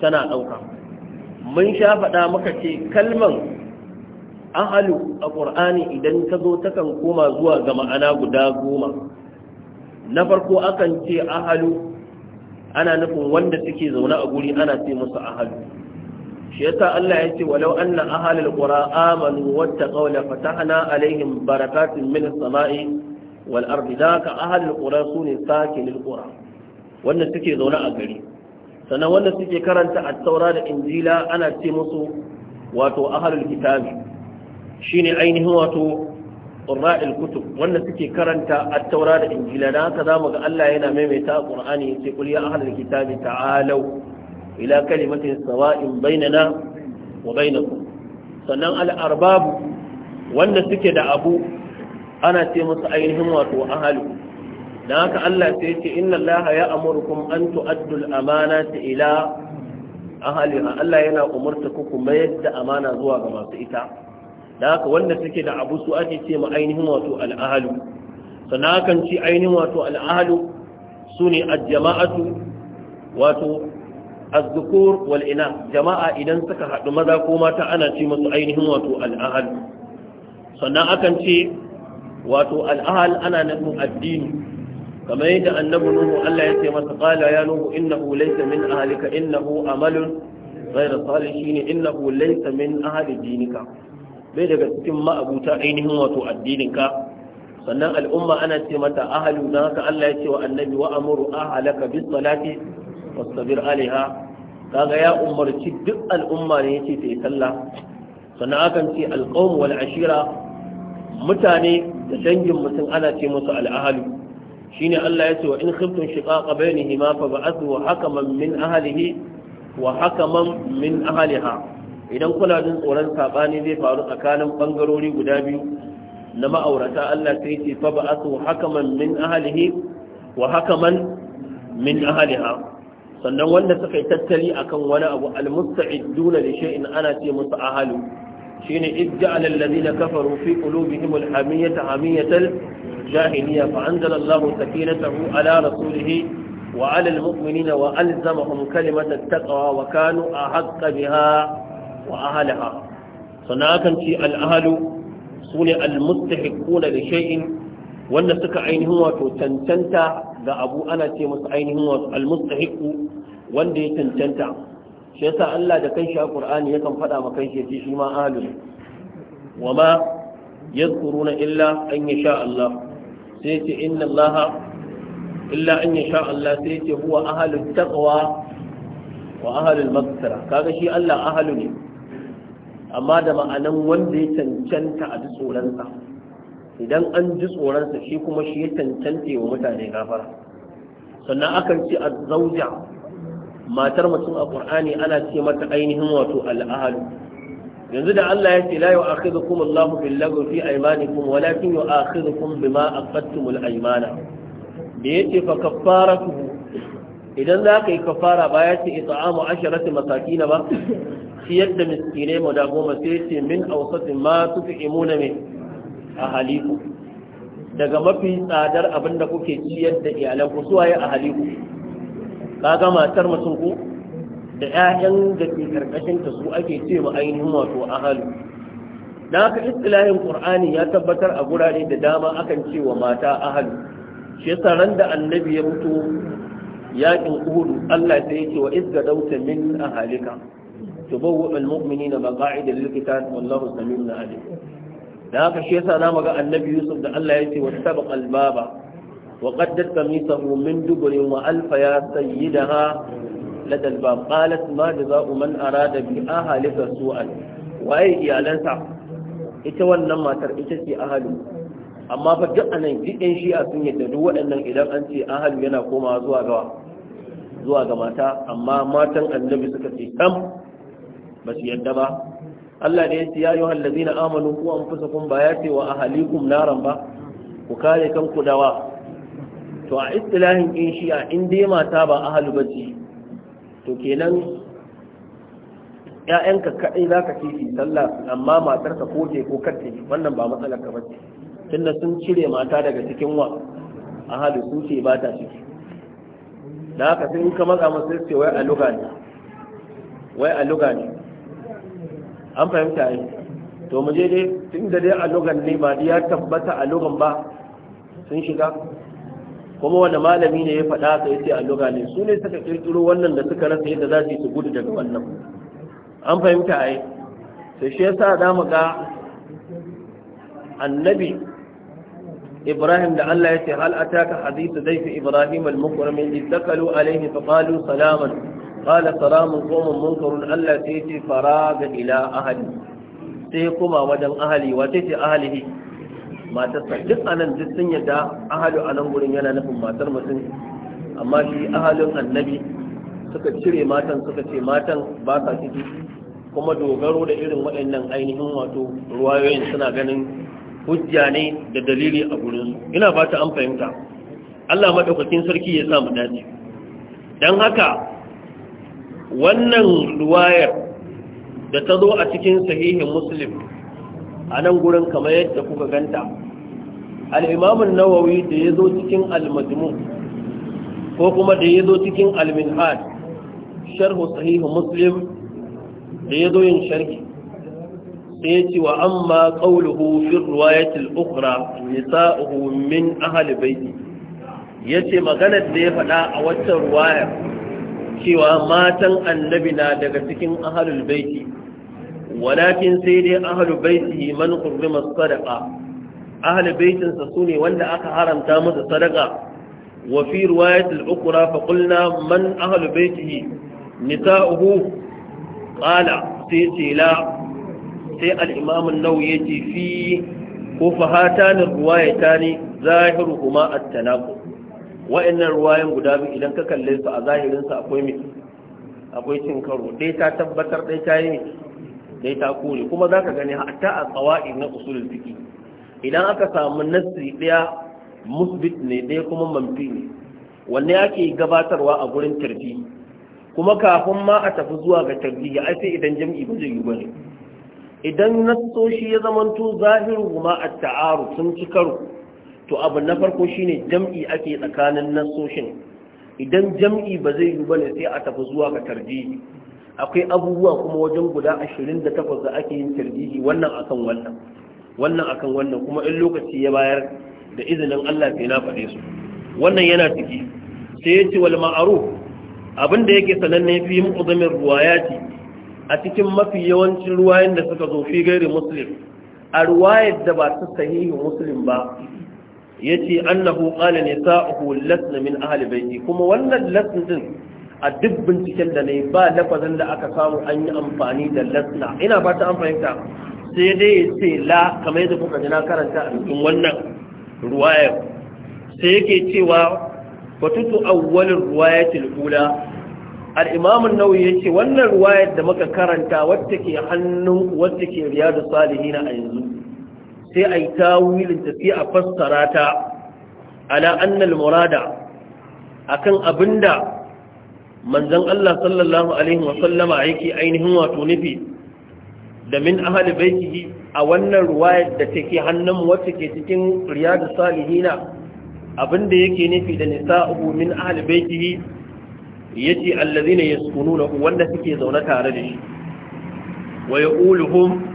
tana ɗauka mun sha faɗa maka ce kalman ahalu a ƙur'ani idan ta zo takan koma zuwa ga ma'ana guda goma na farko akan ce ahalu ana nufin wanda suke zaune a guri ana ce musu ahalu shi yasa Allah ya ce walau anna ahlal qura amanu wattaqaw la fatahna alaihim barakatun minas samai wal ardi daka ahlal qura sune sakinul qura wannan suke zaune a gari sannan wannan suke karanta at-taura da injila ana ce musu wato ahlul kitabi shine ainihin wato qurra'il kutub wannan suke karanta at-taura da injila dan haka zamu ga Allah yana maimaita Qur'ani yace qul ya ahlul kitabi ta'alu ila kalimatin sawa'in bainana wa bainakum sannan al'arbabu wanda suke da abu ana ce musu ainihin wato ahalu dan haka Allah sai ce inna Allah ya amurkum an tu'addul amanati ila ahliha Allah yana umurta ku ku mayar amana zuwa ga masu ita dan haka wanda suke da abu su ake ce ainihin wato sannan kan ci ainihin wato sune a jamaatu wato az wal ina jama'a idan suka haɗu maza ko mata ana ce musu ainihin wato al sannan akan ce wato al ana nufin addini kamar yadda annabi nuhu Allah ya ce masa qala ya nuhu innahu laysa min ahlika innahu amalun ghayr salih shine innahu laysa min ahli dinika bai daga cikin ma'abuta ainihin wato addininka sannan al'umma ana ce mata ahalu haka Allah ya ce wa annabi wa amuru bis wasabir aliha kaga ya umarci duk al'umma ne yace ta sallah sannan akan ce alqawm wal ashira mutane da dangin mutum ana ce musu al'ahalu shine Allah yace wa in khiftum shiqaqa bainihima fa ba'athu hakaman min ahlihi wa hakaman min ahliha idan kuna jin tsoron sabani zai faru tsakanin bangarori guda biyu na ma'aurata Allah sai ce fa ba'athu hakaman min ahlihi wa hakaman min ahliha sannan wanda suka yi tattali akan wani abu almusta'iduna li shay'in ana ce musu ahalu shine ijja'al alladhina kafaru fi qulubihim alhamiyata hamiyatal jahiliya fa anzala Allahu sakinatahu ala rasulihi wa ala almu'minina wa alzamahum kalimata taqwa wa kanu ahqqa biha wa ahliha sannan kan ce al-ahlu sune almustahiquna li shay'in wanda suka ainihin wato cancanta ga abu ana ce masu ainihin wato almustahiqu wanda ya cancanta shi yasa Allah da kanshi a Qur'ani kan faɗa maka kanshi yace shi ma alim wama yadhkuruna illa an yasha Allah sai yace inna Allah illa an yasha Allah sai yace huwa ahlut taqwa wa ahlul maghfira kaga shi Allah ahlu ne amma da ma'anan wanda ya cancanta a tsoron sa idan an ji tsoronsa shi kuma shi ya tantance wa mutane gafara sannan akan ce a zauja matar mutum a ƙur'ani ana ce mata ainihin wato al'ahalu yanzu da Allah ya ce la yu'akhidhukum Allahu bil lagwi fi aymanikum walakin yu'akhidhukum bima aqadtumul aymana da ce fa kaffaratuhu idan za ka yi kafara ba ya ce ita'amu asharati na ba shi yadda miskinai mu da goma sai ce min awsatin ma imuna mai. a haliku daga mafi tsadar abinda kuke ciyar da iyalanku suwaye a haliku kaga matar mutum ku da 'ya'yan da ke karkashin ta su ake ce ma ainihin wato halu. da haka istilahin qur'ani ya tabbatar a gurare da dama akan ce wa mata ahalu shi yasa ran da annabi ya mutu yaƙin uhudu Allah sai yake wa izga dauta min ahalika tubawwa almu'minina maqa'ida lil qital wallahu samiun alim da haka shi yasa zamu ga annabi yusuf da Allah ya ce wa sabaq albaba wa qaddat qamisahu min dubrin wa alfa ya sayyidaha lada albab qalat ma jazaa'u man arada bi ahlika su'an waye iyalansa ita wannan matar ita ce ahalu amma fa duk anan jidin shi a sun yadda duk waɗannan idan an ce ahalu yana komawa zuwa ga zuwa ga mata amma matan annabi suka ce tam ba su yadda ba Allah da yace ya yi da zina amanu ku kun ba ya ce wa ahalikum naran ba ku kare kanku dawa to a istilahin in a in dai mata ba ba ce. to kenan ‘ya'yanka kaɗai za ka ce sallah amma matar ko ce ko karte wannan ba matsalar ka ce tunda sun cire mata daga cikin wa ahalu su ce ba ta ciki da haka sun in ka matsa masu sai wai a lugani. wai a lugani an fahimta ai to mu je dai tun da dai a lugan ne ba ya tabbata a lugan ba sun shiga kuma wanda malami ne ya faɗa ka yace a lugan ne su ne suka kirkiro wannan da suka rasa yadda za su yi su gudu daga wannan an fahimta ai sai shi yasa za mu ga annabi ibrahim da Allah ya ce hal ataka hadithu fi ibrahim al-mukramin idakalu alayhi fa qalu salaman qala salamun qawmun munkarun Allah sai ce faraga ila ahli sai kuma wajen ahli wace ce ahlihi matarsa duk anan duk sun yadda ahalu a nan gurin yana nufin matar mutum amma shi ahalin annabi suka cire matan suka ce matan ba sa ciki kuma dogaro da irin waɗannan ainihin wato ruwayoyin suna ganin hujja ne da dalili a gurinsu ina ba ta an fahimta Allah maɗaukakin sarki ya sa mu dace don haka wannan ruwayar da ta zo a cikin sahihin muslim a nan gurin kamar yadda kuka ganta al'imamun nawawi da ya zo cikin almajmu ko kuma da ya zo cikin alminhad sharhu sahihin muslim da ya zo yin sharki, sai ya ce wa amma ƙauluhu fi ruwayatul ukhra nisa'uhu min ahalibai ya ce maganar da ya faɗa a waccan ruwayar cewa matan annabi na daga cikin ahalul baiti walakin sai dai ahalul baiti man hurrima sadaqa ahalul baitin sa sune wanda aka haramta masa sadaqa wa fi riwayat al-ukhra fa qulna man ahalul baitihi nisa'uhu qala sai ce la sai al-imam an-nawawi yace fi ko fahatan riwayatani zahiruhuma at-tanaqub wa'annan ruwayan guda biyu idan ka kalle su a zahirin su akwai mai akwai cin karo dai ta tabbatar dai ta yi dai ta kore kuma zaka gani hatta a tsawa'i na usulul fiqh idan aka samu nassi ɗaya musbit ne dai kuma manfi ne wanne ake gabatarwa a gurin tarbi kuma kafin ma a tafi zuwa ga tarbi ya sai idan jam'i ba zai yi bane idan nasoshi ya zamanto zahiru ma at-ta'aruf sun ci karo to abu na farko shine jam'i ake tsakanin nasoshin idan jam'i ba zai yi bane sai a tafi zuwa ga tarjihi akwai abubuwa kuma wajen guda 28 da ake yin tarjihi wannan akan wannan wannan akan wannan kuma in lokaci ya bayar da izinin Allah sai na fade su wannan yana ciki sai ya ce wal ma'ruf abin da yake sananne fi mu'zamin ruwayati a cikin mafi yawancin ruwayoyin da suka zo fi gairi muslim a ruwayar da ba ta sahihi muslim ba yace annahu qala nisa'uhu lasna min ahli baiti kuma wannan lasn din a duk binciken da nayi ba lafazin da aka samu an yi amfani da lasna ina ba ta amfani ta sai dai ce la kamar yadda kuka na karanta a cikin wannan ruwayar sai yake cewa batutu awwalin ruwayatul ula al-imam an-nawawi yace wannan ruwayar da muka karanta wacce ke hannun wacce ke riyadu salihina a yanzu sai a yi tawilinta sai a fassara ta ala annal murada akan abinda manzon Allah sallallahu alaihi wa sallama yake ainihin wato nufi da min ahli baitihi a wannan riwayar da take hannun wacce ke cikin riyadus salihina abinda yake nufi da nisa'u min ahli baitihi yace allazina yaskununa wanda suke zaune tare da shi wa yaquluhum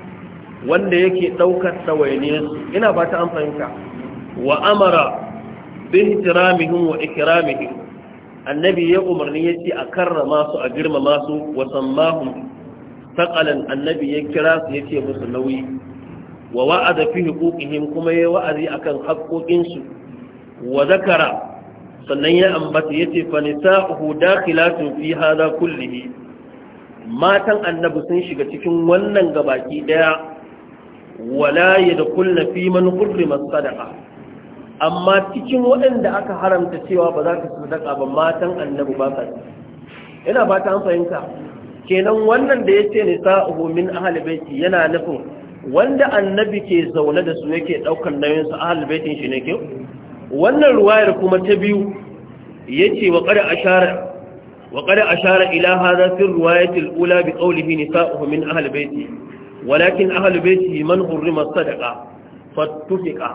wanda yake ɗaukar ɗawainiyarsu ina ba ta amfanta wa amara bin ihtiramihim wa ikramihim annabi ya umarni ya ce a karrama su a girmama su wa sammahum taqalan annabi ya kira su ya ce musu nauyi wa wa'ada fi huquqihim kuma ya wa'azi akan haƙoƙinsu wa zakara sannan ya ambata ya ce fa nisa'uhu dakhilatun fi hadha kullihi matan annabi sun shiga cikin wannan gabaki ɗaya. wala yadkhulna fi man hurrima sadaka amma cikin waɗanda aka haramta cewa ba za ka sadaka ba matan annabi ba ka ina ba ta fahimta kenan wannan da yace ne sa'uhu min ahli yana nufin wanda annabi ke zaune da su yake ɗaukar nauyin su ahli shi ne ke wannan ruwayar kuma ta biyu ce wa qad ashara وقد أشار إلى هذا في الرواية الأولى بقوله نساؤه من أهل بيته walakin ahlu baiti man sadaka sadaqa fattufiqa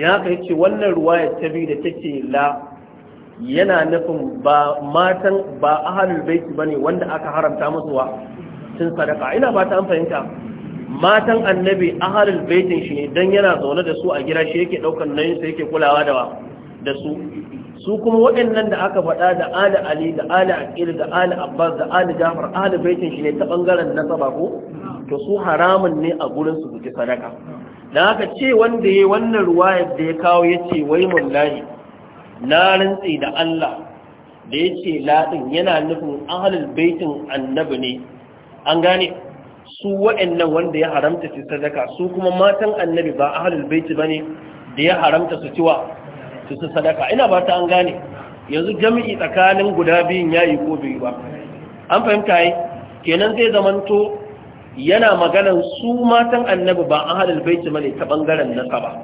ya kai ce wannan riwaya ta bi da take la yana nufin ba matan ba ahlul baiti bane wanda aka haramta musu wa cin sadaka ina ba ta an fahimta matan annabi ahalul baitin shi ne don yana zaune da su a gida shi yake ɗaukar nayin su yake kulawa da da su su kuma waɗannan da aka faɗa da ali ali da ali aqil da ali abbas da ali jafar ahalul baitin shi ne ta bangaren nasaba ko to su haramun ne a gurin su buki sadaka da haka ce wanda ya wannan ruwayar da ya kawo ya ce wai mullahi na rantsi da Allah da ya ce laɗin yana nufin ahalul baitin annabi ne an gane su waɗannan wanda ya haramta su sadaka su kuma matan annabi ba ahalul baiti ba ne da ya haramta su ciwa su su sadaka ina ba ta an gane yanzu jami'i tsakanin guda biyun ya yi ko biyu ba an fahimta yi kenan zai zamanto yana magana su matan annabi ba ahlul baiti bane ta bangaren nasaba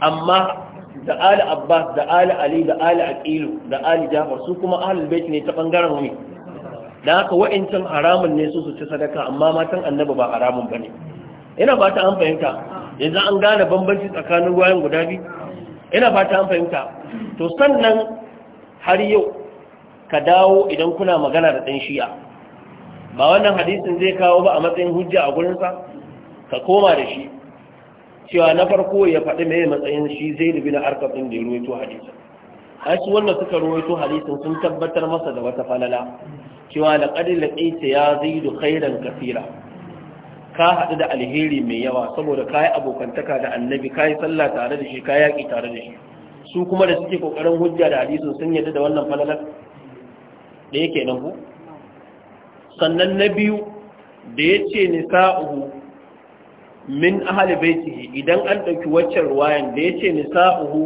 amma da ali abbas da ali ali da ali aqilu da ali jafar su kuma ahlul baiti ne ta bangaren mu da haka wa'incin haramun ne su su ci sadaka amma matan annabi ba haramun bane ina ta an fahimta yanzu an gane bambanci tsakanin ruwayan guda biyu ina ta an fahimta to sannan har yau ka dawo idan kuna magana da ɗan shi'a ba wannan hadisin zai kawo ba a matsayin hujja a gurinsa ka koma da shi cewa na farko ya faɗi mai matsayin shi zai rubi na arkafin da ya ruwaito hadisin asu wanda suka ruwaito hadisin sun tabbatar masa da wata falala cewa da ƙadilin ita ya zaidu khairan kafira ka haɗu da alheri mai yawa saboda ka yi abokantaka da annabi ka yi sallah tare da shi ka yaƙi tare da shi su kuma da suke ƙoƙarin hujja da hadisin sun yarda da wannan falalar da yake nan ku sannan na biyu da ya ce nisa'uhu min ahali baitihi idan an ɗauki waccan ruwayan da ya ce nisa'uhu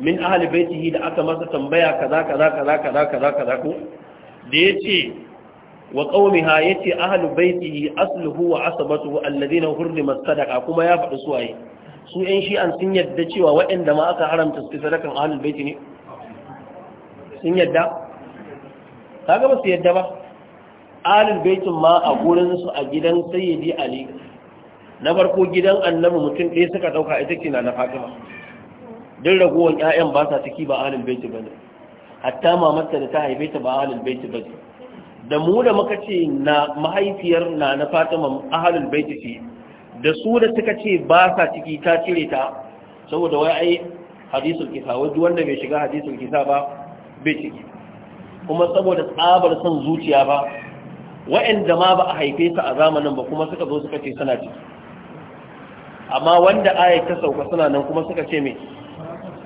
min ahali baitihi da aka masa tambaya kaza kaza kaza kaza kaza kaza ko da ya ce wa qaumiha yace ahli baitihi asluhu wa asabatuhu alladhina hurrimat sadaqa kuma ya faɗi su suwaye su yan shi'an sun yadda cewa waɗanda ma aka haramta su sadakan ahli baiti ne sun yadda kaga ba su yadda ba alil baitin ma a gurinsu a gidan sayyidi ali na farko gidan annabi mutum ɗaya suka ɗauka ita ce na na fatima duk ragowar 'ya'yan ba sa ciki ba alil baiti ba ne hatta mamarta da ta haife ta ba alil baiti ba ne da mu da muka ce na mahaifiyar na na fatima ahalul baiti ce da su da suka ce ba sa ciki ta cire ta saboda wai ai hadisul kisa wajen wanda bai shiga hadisul kisa ba bai ciki kuma saboda tsabar son zuciya ba wa'anda ma ba a haife su a zamanin ba kuma suka zo suka ce suna ciki amma wanda ayat ta sauka suna nan kuma suka ce me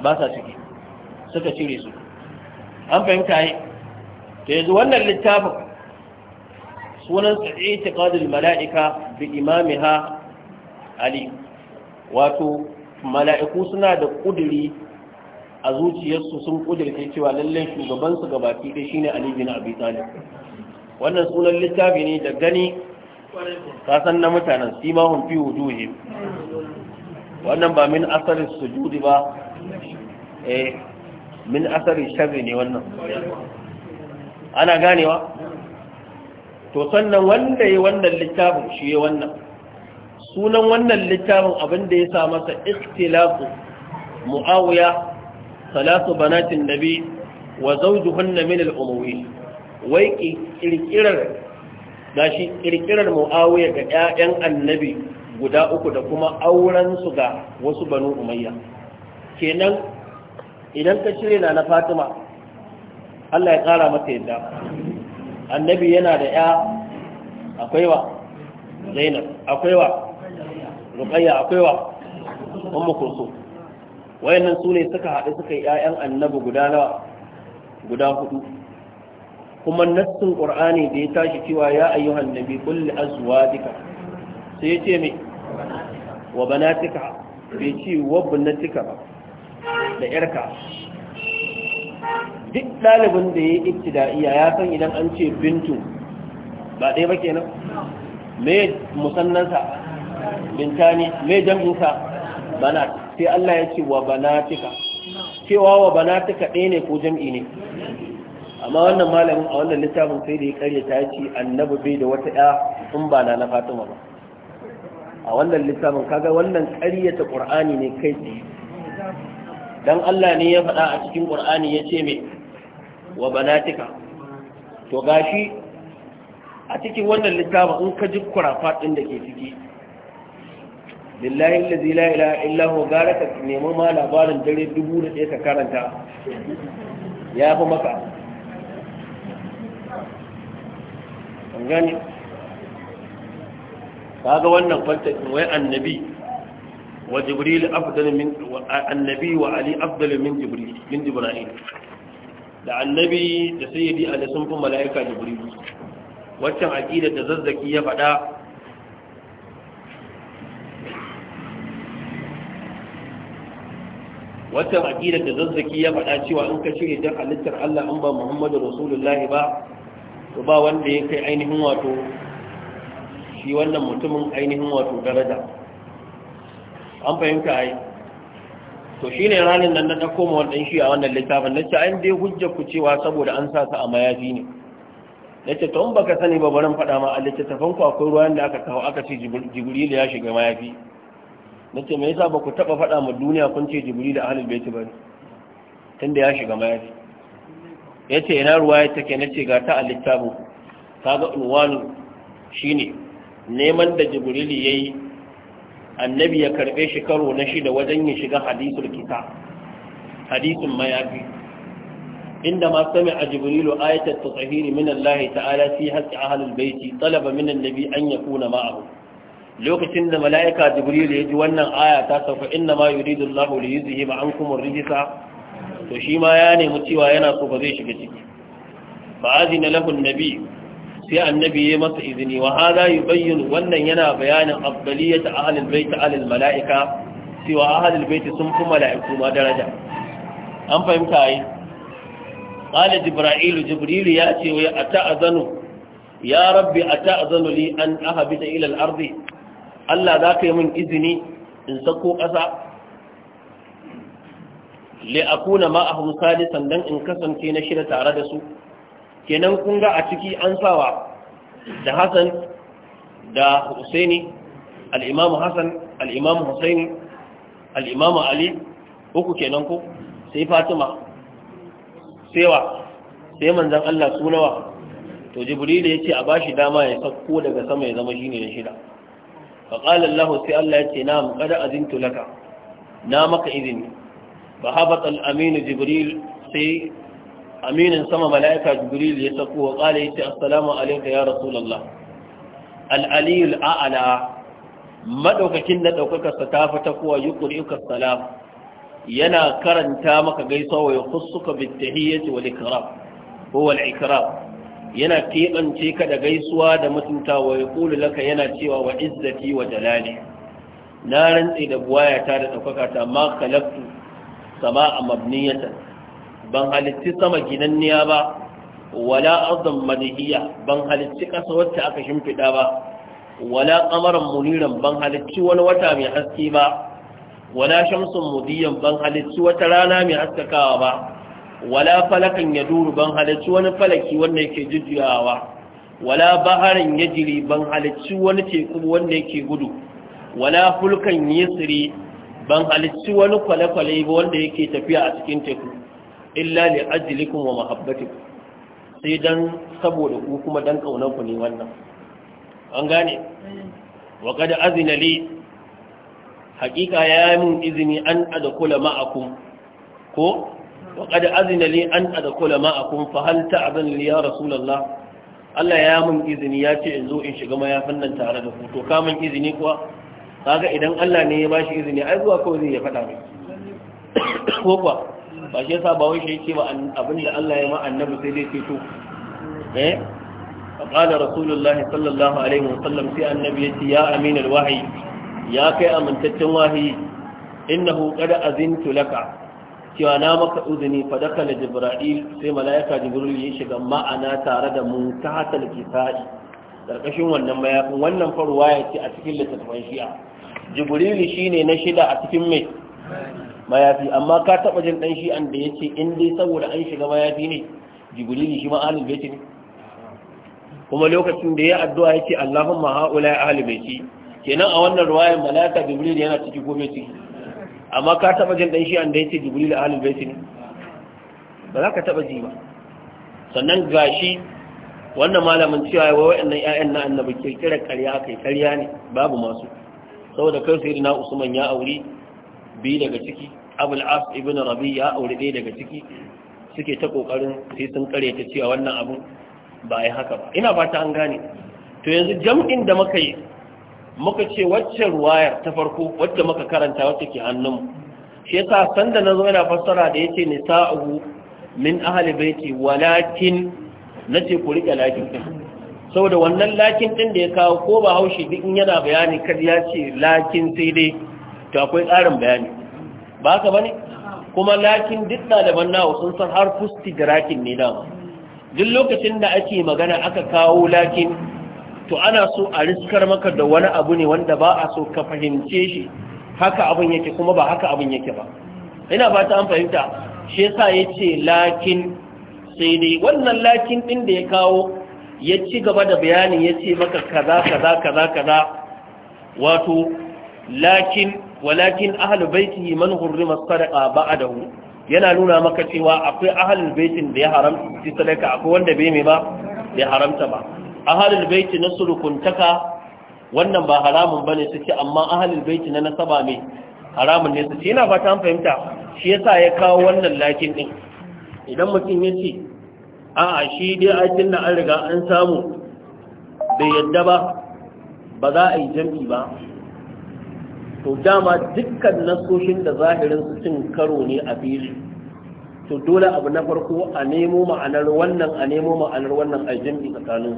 ba sa ciki suka cire su an fahimta yi ta yanzu wannan littafin sunan sa'i ta mala'ika bi ha ali wato mala'iku suna da ƙuduri a zuciyarsu sun ƙudurce cewa lallai shugabansu gabaki ɗaya shine ali bin abi talib wannan sunan littafi ne da gani kasan na mutanen simahun fi wujuhim wannan ba min asarin sujudi ba eh min asarin sharri ne wannan ana ganewa to sannan wanda ya wannan littafin shi ya wannan sunan wannan littafin abinda ya sa masa ikhtilafu muawiya salatu banatin nabi wa zawjuhunna min al-umawi wai kirkirar shi kirkirar muawiya da 'ya'yan annabi guda uku da kuma auren su ga wasu banu umayya kenan idan ka cire na na fatima Allah ya kara mata yadda annabi yana da ya akwai wa zainab akwai wa ruqayya akwai wa ummu kulsum wayannan sune suka haɗu suka yi ƴaƴan annabi guda nawa guda hudu kuma nassin qur'ani da ya tashi cewa ya ayyuhan nabi qul li azwajika sai ya ce me wa banatika bai ce wa banatika ba da yarka duk ɗalibin da ya yi ibtida'iya ya san idan an ce bintu ba ɗaya ba kenan me musannansa bintani me jam'insa banat sai Allah ya ce wa banatika cewa wa banatika ɗaya ne ko jam'i ne amma wannan malamin a wannan littafin sai da ya karyata ya ce annabi bai da wata ya in ba na na fatima ba a wannan littafin kaga wannan karyata qur'ani ne kai tsaye dan Allah ne ya faɗa a cikin qur'ani ya ce me wa banatika to gashi a cikin wannan littafin in ka ji kurafa din da ke ciki lillahi allazi la ilaha illa huwa garaka nemo ma labarin dare dubu da ka karanta ya fi maka gani kaga wannan fantakin wai annabi wa jibril min annabi wa ali min jibril min jibril da annabi da sayyidi ali sun fi malaika jibril waccan aqida da zazzaki ya faɗa waccan aqida da zazzaki ya faɗa cewa in ka shirye ta halittar Allah in ba Muhammadu rasulullahi ba to ba wanda ya kai ainihin wato shi wannan mutumin ainihin wato daraja an fahimta ai to shine ranar nan na dauko mu wannan shi a wannan littafin Na ce an dai hujja ku cewa saboda an sa su a mayafi ne nace to in baka sani ba barin faɗa ma a littafin ku akwai ruwan da aka kawo aka ce jibril ya shiga mayafi nace me yasa ba ku taba faɗa ma duniya kun ce jibril da ahlul bait ba tunda ya shiga mayafi ya ce ina ya take na ce ga ta a littafin kaga unwanu shine neman da jibrili yayi annabi ya karbe shi karo na shida wajen yin shiga hadisul kita hadisun mayafi inda ma sami a jibrilu ayatar tsahiri min Allah ta'ala fi haƙƙi ahalul baiti talaba min annabi an ma abu. lokacin da mala'ika jibrilu ya ji wannan aya ta sauka inna ma yuridu Allah li yuzhiba ankum ar-rijsa to shi ma ya nemi cewa yana so ba zai shiga ciki fa na lahu annabi sai annabi ya masa izini wa hada bayyana wannan yana bayanin afdaliyat ahli albayt ala almalaika cewa ahli albayt sun fi malaiku ma daraja an fahimta yi. qala Jibra'ilu Jibrilu ya ce wai ata'azanu ya rabbi li an ahbita ila al-ardi Allah zaka yi min izini in sako ƙasa ma a ma'ahum salisan dan in kasance na shida tare da su kenan kun ga a ciki an sawa da Hassan da Husaini al Hassan al Husaini al Ali uku kenan ku? sai Fatima sai wa sai manzan Allah sunawa to ya yace a bashi dama ya sauko daga sama ya zama ne na shida fa sai Allah sai Allah yace na'am qad tulaka na maka izini ba habat jibril sai aminin sama mala'ika jibril ya sako wa ƙala ya ce assalamu alaika ya rasulallah al'aliyul a'ala maɗaukakin da ɗaukakarsa ta fi takowa yi salam yana karanta maka gaisawa ya kusuka bittahiyyati wal ikram ko wal ikram yana keɓance ka da gaisuwa da mutuntawa ya ƙulu laka yana cewa wa izzati wa jalali na rantse da buwayata da ɗaukaka ta ma sama'a mabniyatan ban halitti sama ginanniya ba wala ardan madihiya ban halitti ƙasa wacce aka shimfiɗa ba wala ƙamaran muniran ban halitti wani wata mai haske ba wala shamsun mudiyan ban halitti wata rana mai haskakawa ba wala falakan yaduru ban halitti wani falaki wanda yake jujjuyawa wala baharin yajri ban halitti wani teku wanda yake gudu wala fulkan Yisiri. ban halicci wani kwale-kwale ba wanda yake tafiya a cikin teku illa ne ajilikun wa mahabbatin sai don saboda ku kuma don kaunar ku ne wannan an gane wa kada azina li haqiqa ya mun izini an adakula ma'akun ko wa kada azina li an adakula ma'akun fahalta abin liya rasulallah Allah ya mun izini ya ce in zo in shiga mayafin nan tare da ku to ka izini kuwa Ka ga idan Allah ne ya bashi izini ai zuwa kawai zai ya fada mai ko ba shi yasa ba wai ce ba abin Allah ya ma annabi sai dai ceto eh qala rasulullahi sallallahu alaihi wasallam sai annabi ya ce ya amin alwahyi ya kai amintaccen wahyi innahu qad azintu laka cewa na maka uzini fadaka da jibra'il sai mala'ika jibril ya shiga ma'ana tare da muntahatul kitabi karkashin wannan mayakin wannan faruwa ya ce a cikin littattafan shi'a jibrilu shine na shida a cikin mai mayafi amma ka taba jin dan shi an da yace in dai saboda an shiga mayafi ne jibrilu shi ma ahlul bait ne kuma lokacin da ya addu'a yace Allahumma haula ya ahlul bait kenan a wannan ruwayar malaka jibril yana ciki ko bai ciki amma ka taba jin dan shi an da yace jibril ahlul bai ne ba za ka taba ji ba sannan gashi wannan malamin cewa wai wa'annan ƴaƴan na annabi kirkirar ƙarya kai ƙarya ne babu masu saboda kan na usman ya aure bi daga ciki abul as ibn rabi ya aure ɗaya daga ciki suke ta kokarin sai sun kare ta cewa wannan abu ba ai haka ba ina fata an gane to yanzu jam'in da muka yi muka ce wacce ruwayar ta farko wacce muka karanta wacce ke hannun shi yasa sanda nazo yana fassara da yace nisa'u min ahli baiti walakin nace ku rike lakin saboda wannan lakin ɗin da ya kawo ko ba haushi duk in yana bayani kar ya ce lakin sai dai to akwai tsarin bayani ba ba bane kuma lakin duk ɗaliban nawa sun san har fusti da rakin ne dama duk lokacin da ake magana aka kawo lakin to ana so a riskar maka da wani abu ne wanda ba a so ka fahimce shi haka abin yake kuma ba haka abin yake ba ina ba ta an fahimta shi yasa yace lakin sai dai wannan lakin ɗin da ya kawo ya ci gaba da bayanin ya ce maka kaza kaza kaza kaza wato lakin walakin ahlul baiti man hurrima sadaqa ba'dahu yana nuna maka cewa akwai ahlul baitin da ya haramta ci sadaka akwai wanda bai mai ba bai haramta ba ahlul baiti na surukuntaka wannan ba haramun bane suke amma ahlul baiti na nasaba ne haramun ne suke yana fata an fahimta shi yasa ya kawo wannan lakin din idan mutum ya ce a shi dai a da an riga an samu bai yadda ba ba za a yi jam'i ba to dama dukkan nasoshin da zahirin su cin karo ne a fili to dole abu na farko a nemo ma'anar wannan a nemo ma'anar wannan a jam'i tsakanin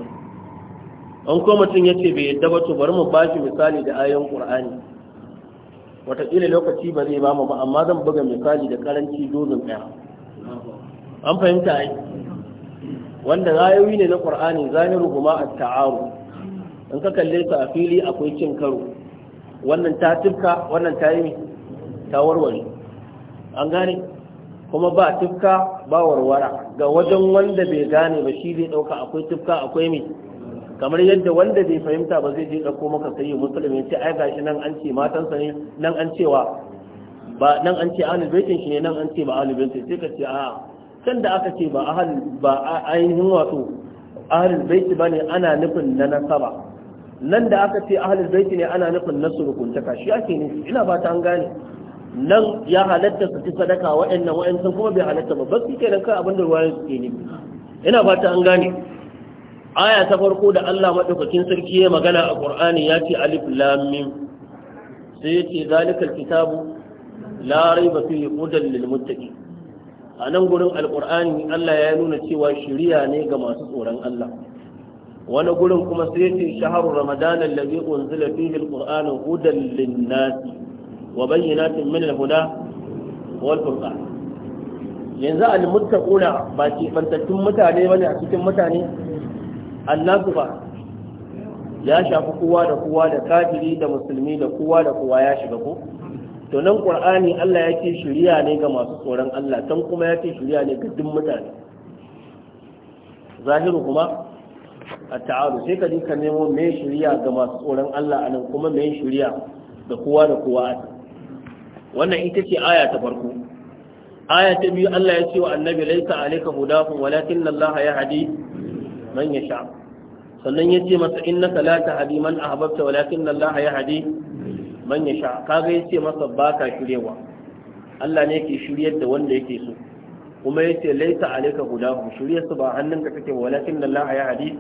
an ko mutum ya ce bai yadda ba to bari mu ba shi misali da ayon ƙur'ani wataƙila lokaci ba zai ba mu ba amma zan buga misali da karanci dozin ɗaya an fahimta ai wanda zayoyi ne na qur'ani zahiru kuma at-ta'aru in ka kalle su a fili akwai cin karo wannan ta tifka wannan ta yi ta warware an gane kuma ba tifka ba warwara ga wajen wanda bai gane ba shi zai dauka akwai tifka akwai mai kamar yadda wanda bai fahimta ba zai je dauko maka sai musulmi ce ai gashi nan an ce matansa ne nan an cewa ba nan an ce alubaitin shi ne nan an ce ba alubaitin sai ka ce a'a can da aka ce ba ahal ba ainihin wato ahalul baiti ne ana nufin na nasaba nan da aka ce ahalul baiti ne ana nufin na rukuntaka shi ake nufi ina ba ta an gane nan ya halatta su ci sadaka waɗannan waɗansu kuma bai halatta ba ba su ke nan kai abin da ruwa suke ne ina ba ta an gane aya ta farko da Allah madaukakin sarki ya magana a Qur'ani ya ce alif lam mim sai ya ce zalikal kitabu la raiba fihi hudan lil muttaqin a nan gurin alkur'ani Allah ya nuna cewa shiriya ne ga masu tsoron Allah wani gurin kuma sai ce shaharu ramadan allazi unzila fihi alqur'anu hudan linnas wa bayyinatin min alhuda wal furqan yanzu al muttaquna ba ce bantattun mutane bane a cikin mutane annasu ba ya shafi kowa da kowa da kafiri da musulmi da kowa da kowa ya shiga ko to nan qur'ani Allah ya ce shari'a ne ga masu tsoron Allah can kuma ya ce shari'a ne ga duk mutane zahiru kuma a ta'aru sai ka ka nemo me shari'a ga masu tsoron Allah anan kuma me shari'a ga kowa da kowa wannan ita ce aya ta farko aya ta biyu Allah ya ce wa annabi laisa alayka hudahum walakin Allah ya hadi man yasha sannan ya ce masa innaka la tahdi man ahbabta walakin Allah ya hadi man ya sha kaga ya ce masa ba ka shiryewa Allah ne ke shiryar da wanda yake so kuma ya ce laita alaika hudahu shiryar su ba hannunka take walakin Allah ya hadi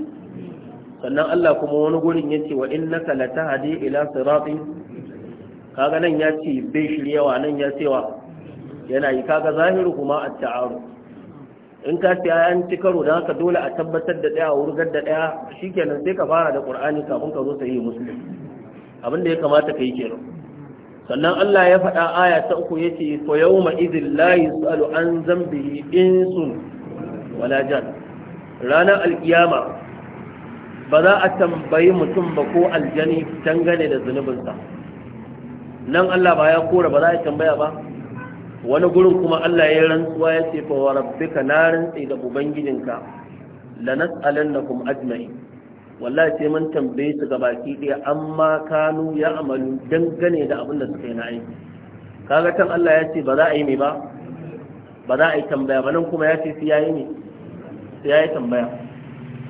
sannan Allah kuma wani gurin ya ce wa innaka tahdi ila siratin kaga nan ya ce bai shiryawa nan ya cewa yana yi kaga zahiru kuma a taaru in ka ce an ci karo da haka dole a tabbatar da daya wurgar da daya shikenan sai ka fara da Qur'ani kafin ka zo sai muslim abin da ya kamata ka yi kenan sannan Allah ya faɗa aya ta uku ce, fa ma idhil la yusalu an zambihi insun wala jan ranar alkiyama ba za a tambayi mutum ba ko aljani dangane da zunubinsa nan Allah ba ya kora ba za a tambaya ba wani gurin kuma Allah ya rantsuwa ya ce fa rabbika na rantsi da ubangijinka lanas'alannakum ajma'in wallahi sai mun tambaye su ga baki ɗaya amma kanu ya amalu dangane da abin da suka yi na aiki kaga can Allah ya ce ba za a yi ne ba ba za a yi tambaya ba nan kuma ya ce sai yayi ne sai yayi tambaya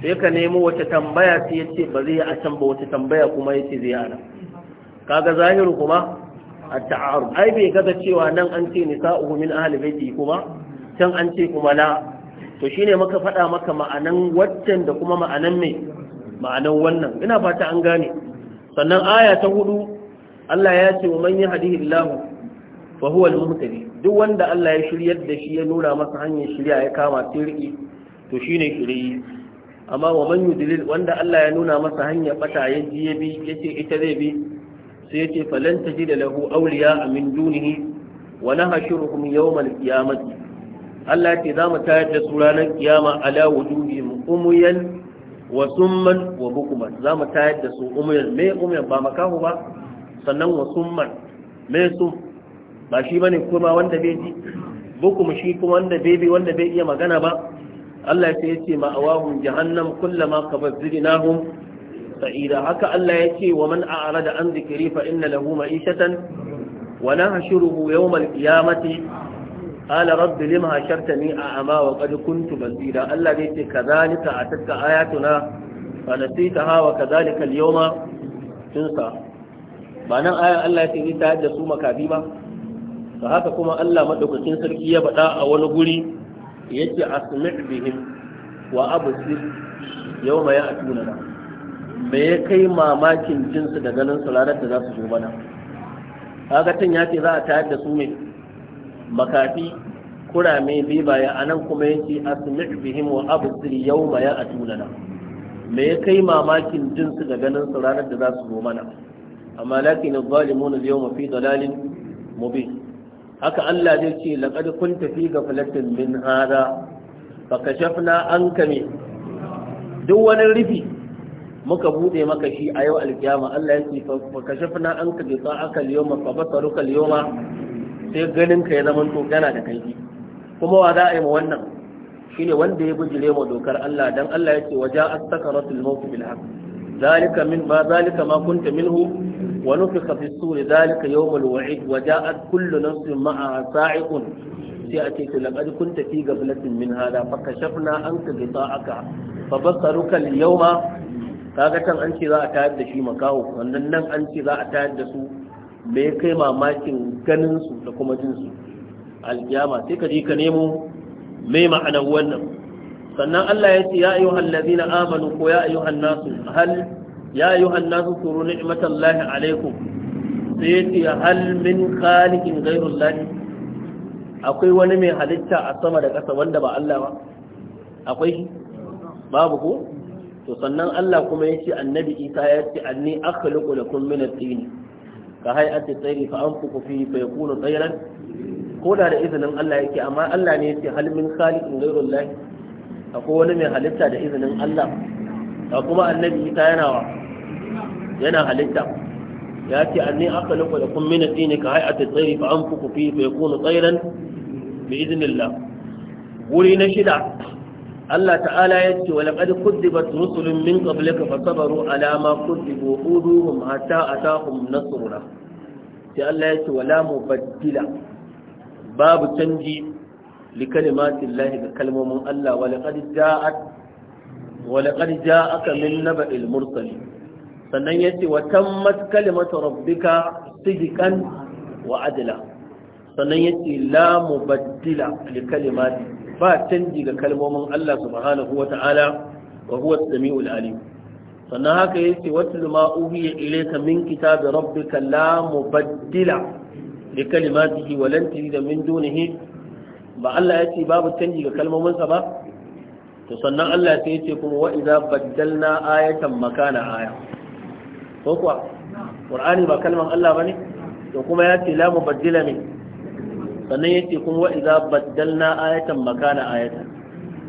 sai ka nemo wata tambaya sai ya ce ba zai a can ba wace tambaya kuma ya ce zai a nan kaga zahiru kuma a ta'arud ai bai gaza cewa nan an ce nisa'uhu min ahli baiti kuma can an ce kuma la to shine muka faɗa maka ma'anan waccan da kuma ma'anan mai ma'anan wannan ina fata an gane sannan aya ta hudu Allah ya ce wa manyan yahdihi Allah fa huwa al-muhtadi duk wanda Allah ya shirya da shi ya nuna masa hanyar shirya ya kama tirki to shine shiriyi amma wa man yudlil wanda Allah ya nuna masa hanya bata ya ji ya bi yace ita zai bi sai yace falan tajida lahu awliya min dunihi wa nahshuruhum yawm al-qiyamati Allah ya ce za mu tayar da su ranar kiyama ala wujuhihim umuyan wa man wa bukuman za mu tayar da su umiyar mai umiyar ba makahu ba sannan wa man? mai sum ba shi bane kuma wanda bai ji bukum shi kuma wanda bai bi wanda bai iya magana ba Allah ya ce ma ma'awahum jahannam kullama kabazzidnahum sa'ida haka Allah ya ce wa man a'rada an zikri fa inna lahu ma'ishatan wa nahshuruhu yawmal qiyamati قال رب لما أشرتني أعمى وقد كنت بصيرا الله بيتي كذلك أتتك آياتنا فنسيتها وكذلك اليوم تنسى معنى آية الله يتي تهدى سوما كاذبة فهذا كما الله مدوكتين سركية بداء ونقولي يتي أسمع بهم وأبصر يوم يأتوننا me ya kai mamakin jinsu da ganin su ranar da za su zo mana kaga tun ya ce za a tayar da su mai makafi kurame bibaya a nan kuma yake asmi' bihim wa absir yawma ya atulana me ya kai mamakin jin su da ganin su ranar da za su zo mana amma lakin zalimun yawma fi dalalin mubin haka Allah zai ce laqad kunta fi ghaflatin min hada fakashafna anka min duk wani rufi muka bude maka shi a yau alkiyama Allah ya ce fakashafna anka bi ta'aka al-yawma fa basaruka al-yawma sai ganin ka ya zama to yana da kaifi kuma wa za a yi ma wannan shine wanda ya bijire ma dokar Allah dan Allah ya ce waja as-sakaratul maut bil haqq zalika min ba zalika ma kunta minhu wa nufikha fi suri zalika yawmul wa'id waja'at kullu nafsin ma'aha sa'iqun sai a ce to laqad kunta fi ghaflatin min hada fa kashafna anka ghita'aka fa basaruka al-yawma kaga kan an ce za a tayar da shi makaho wannan nan an ce za a tayar da su Me ya kai mamakin ganinsu da kuma jinsu alkiyama sai ka je ka nemo mai ma'anar wannan sannan Allah ya ce ya ayu hallazina amanu ko ya ayu hannasu hal ya ayu hannasu suru ni'matallahi alaikum sai ya ce hal min khaliqin ghairu Allah akwai wani mai halitta a sama da ƙasa wanda ba Allah ba akwai babu ko to sannan Allah kuma ya ce annabi Isa ya ce anni akhluqu lakum min at-tin ka hay'ati tsairi fa anfuku fi fa kuna tsairan ko da da izinin Allah yake amma Allah ne yake hal min khaliqin ghairullahi akwai wani mai halitta da izinin Allah a kuma annabi Isa yana wa yana halitta ya ce anni akhluqu lakum min ad-din ka hay'ati tsairi fa anfuku fihi fa yakunu tsairan bi idnillah wuri na shida Allah ta'ala ya ce walaƙad kuddibat rusulun min qablika fasabaru ala ma kuddibu uduhum hatta atahum nasruna sai Allah ya ce wala mubaddila babu canji li kalimatin lahi ga kalmomin Allah walaƙad ja'at walaƙad ja'aka min naba'il mursali sannan ya ce wa tammat kalimatu rabbika sidqan wa adla sannan ya ce la mubaddila li kalimatin ba canji ga kalmomin Allah subhanahu wa ta'ala wa huwa samiul alim sannan haka yace watlu ma uhiya ilayka min kitabi rabbika la mubaddila li kalimatihi wa lan tajida min dunihi ba Allah yace babu canji ga kalmomin sa ba to sannan Allah sai yace kuma wa idza baddalna ayatan makana aya ko kuwa Qur'ani ba kalman Allah bane to kuma yace la mubaddila min sannan ya ce kuma wa'iza baddalna ayatan makana ayatan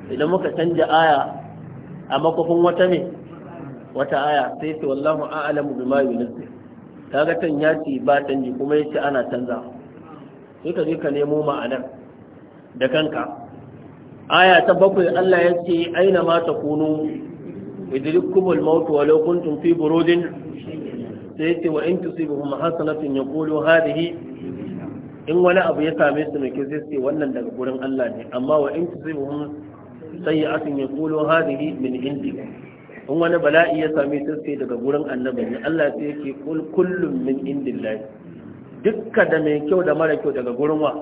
idan muka canja aya a makofin wata ne wata aya sai ce wallahu a'lamu bima yunzil kaga tan yaci ba canji kuma ya ana canza sai ka je ka nemo ma'anar da kanka aya ta bakwai Allah ya ce aina ma ta kunu idrikumul maut walau kuntum fi burudin sai ce wa in tusibuhum hasanatun yaqulu hadhihi in wani abu ya same su mai kyau sai wannan daga gurin Allah ne amma wa in tusibuhum sayyi'atun yaqulu hadhihi min indi in wani bala'i ya same su sai daga gurin annabi ne Allah sai yake kul kullum min indillahi dukka da mai kyau da mara kyau daga gurin wa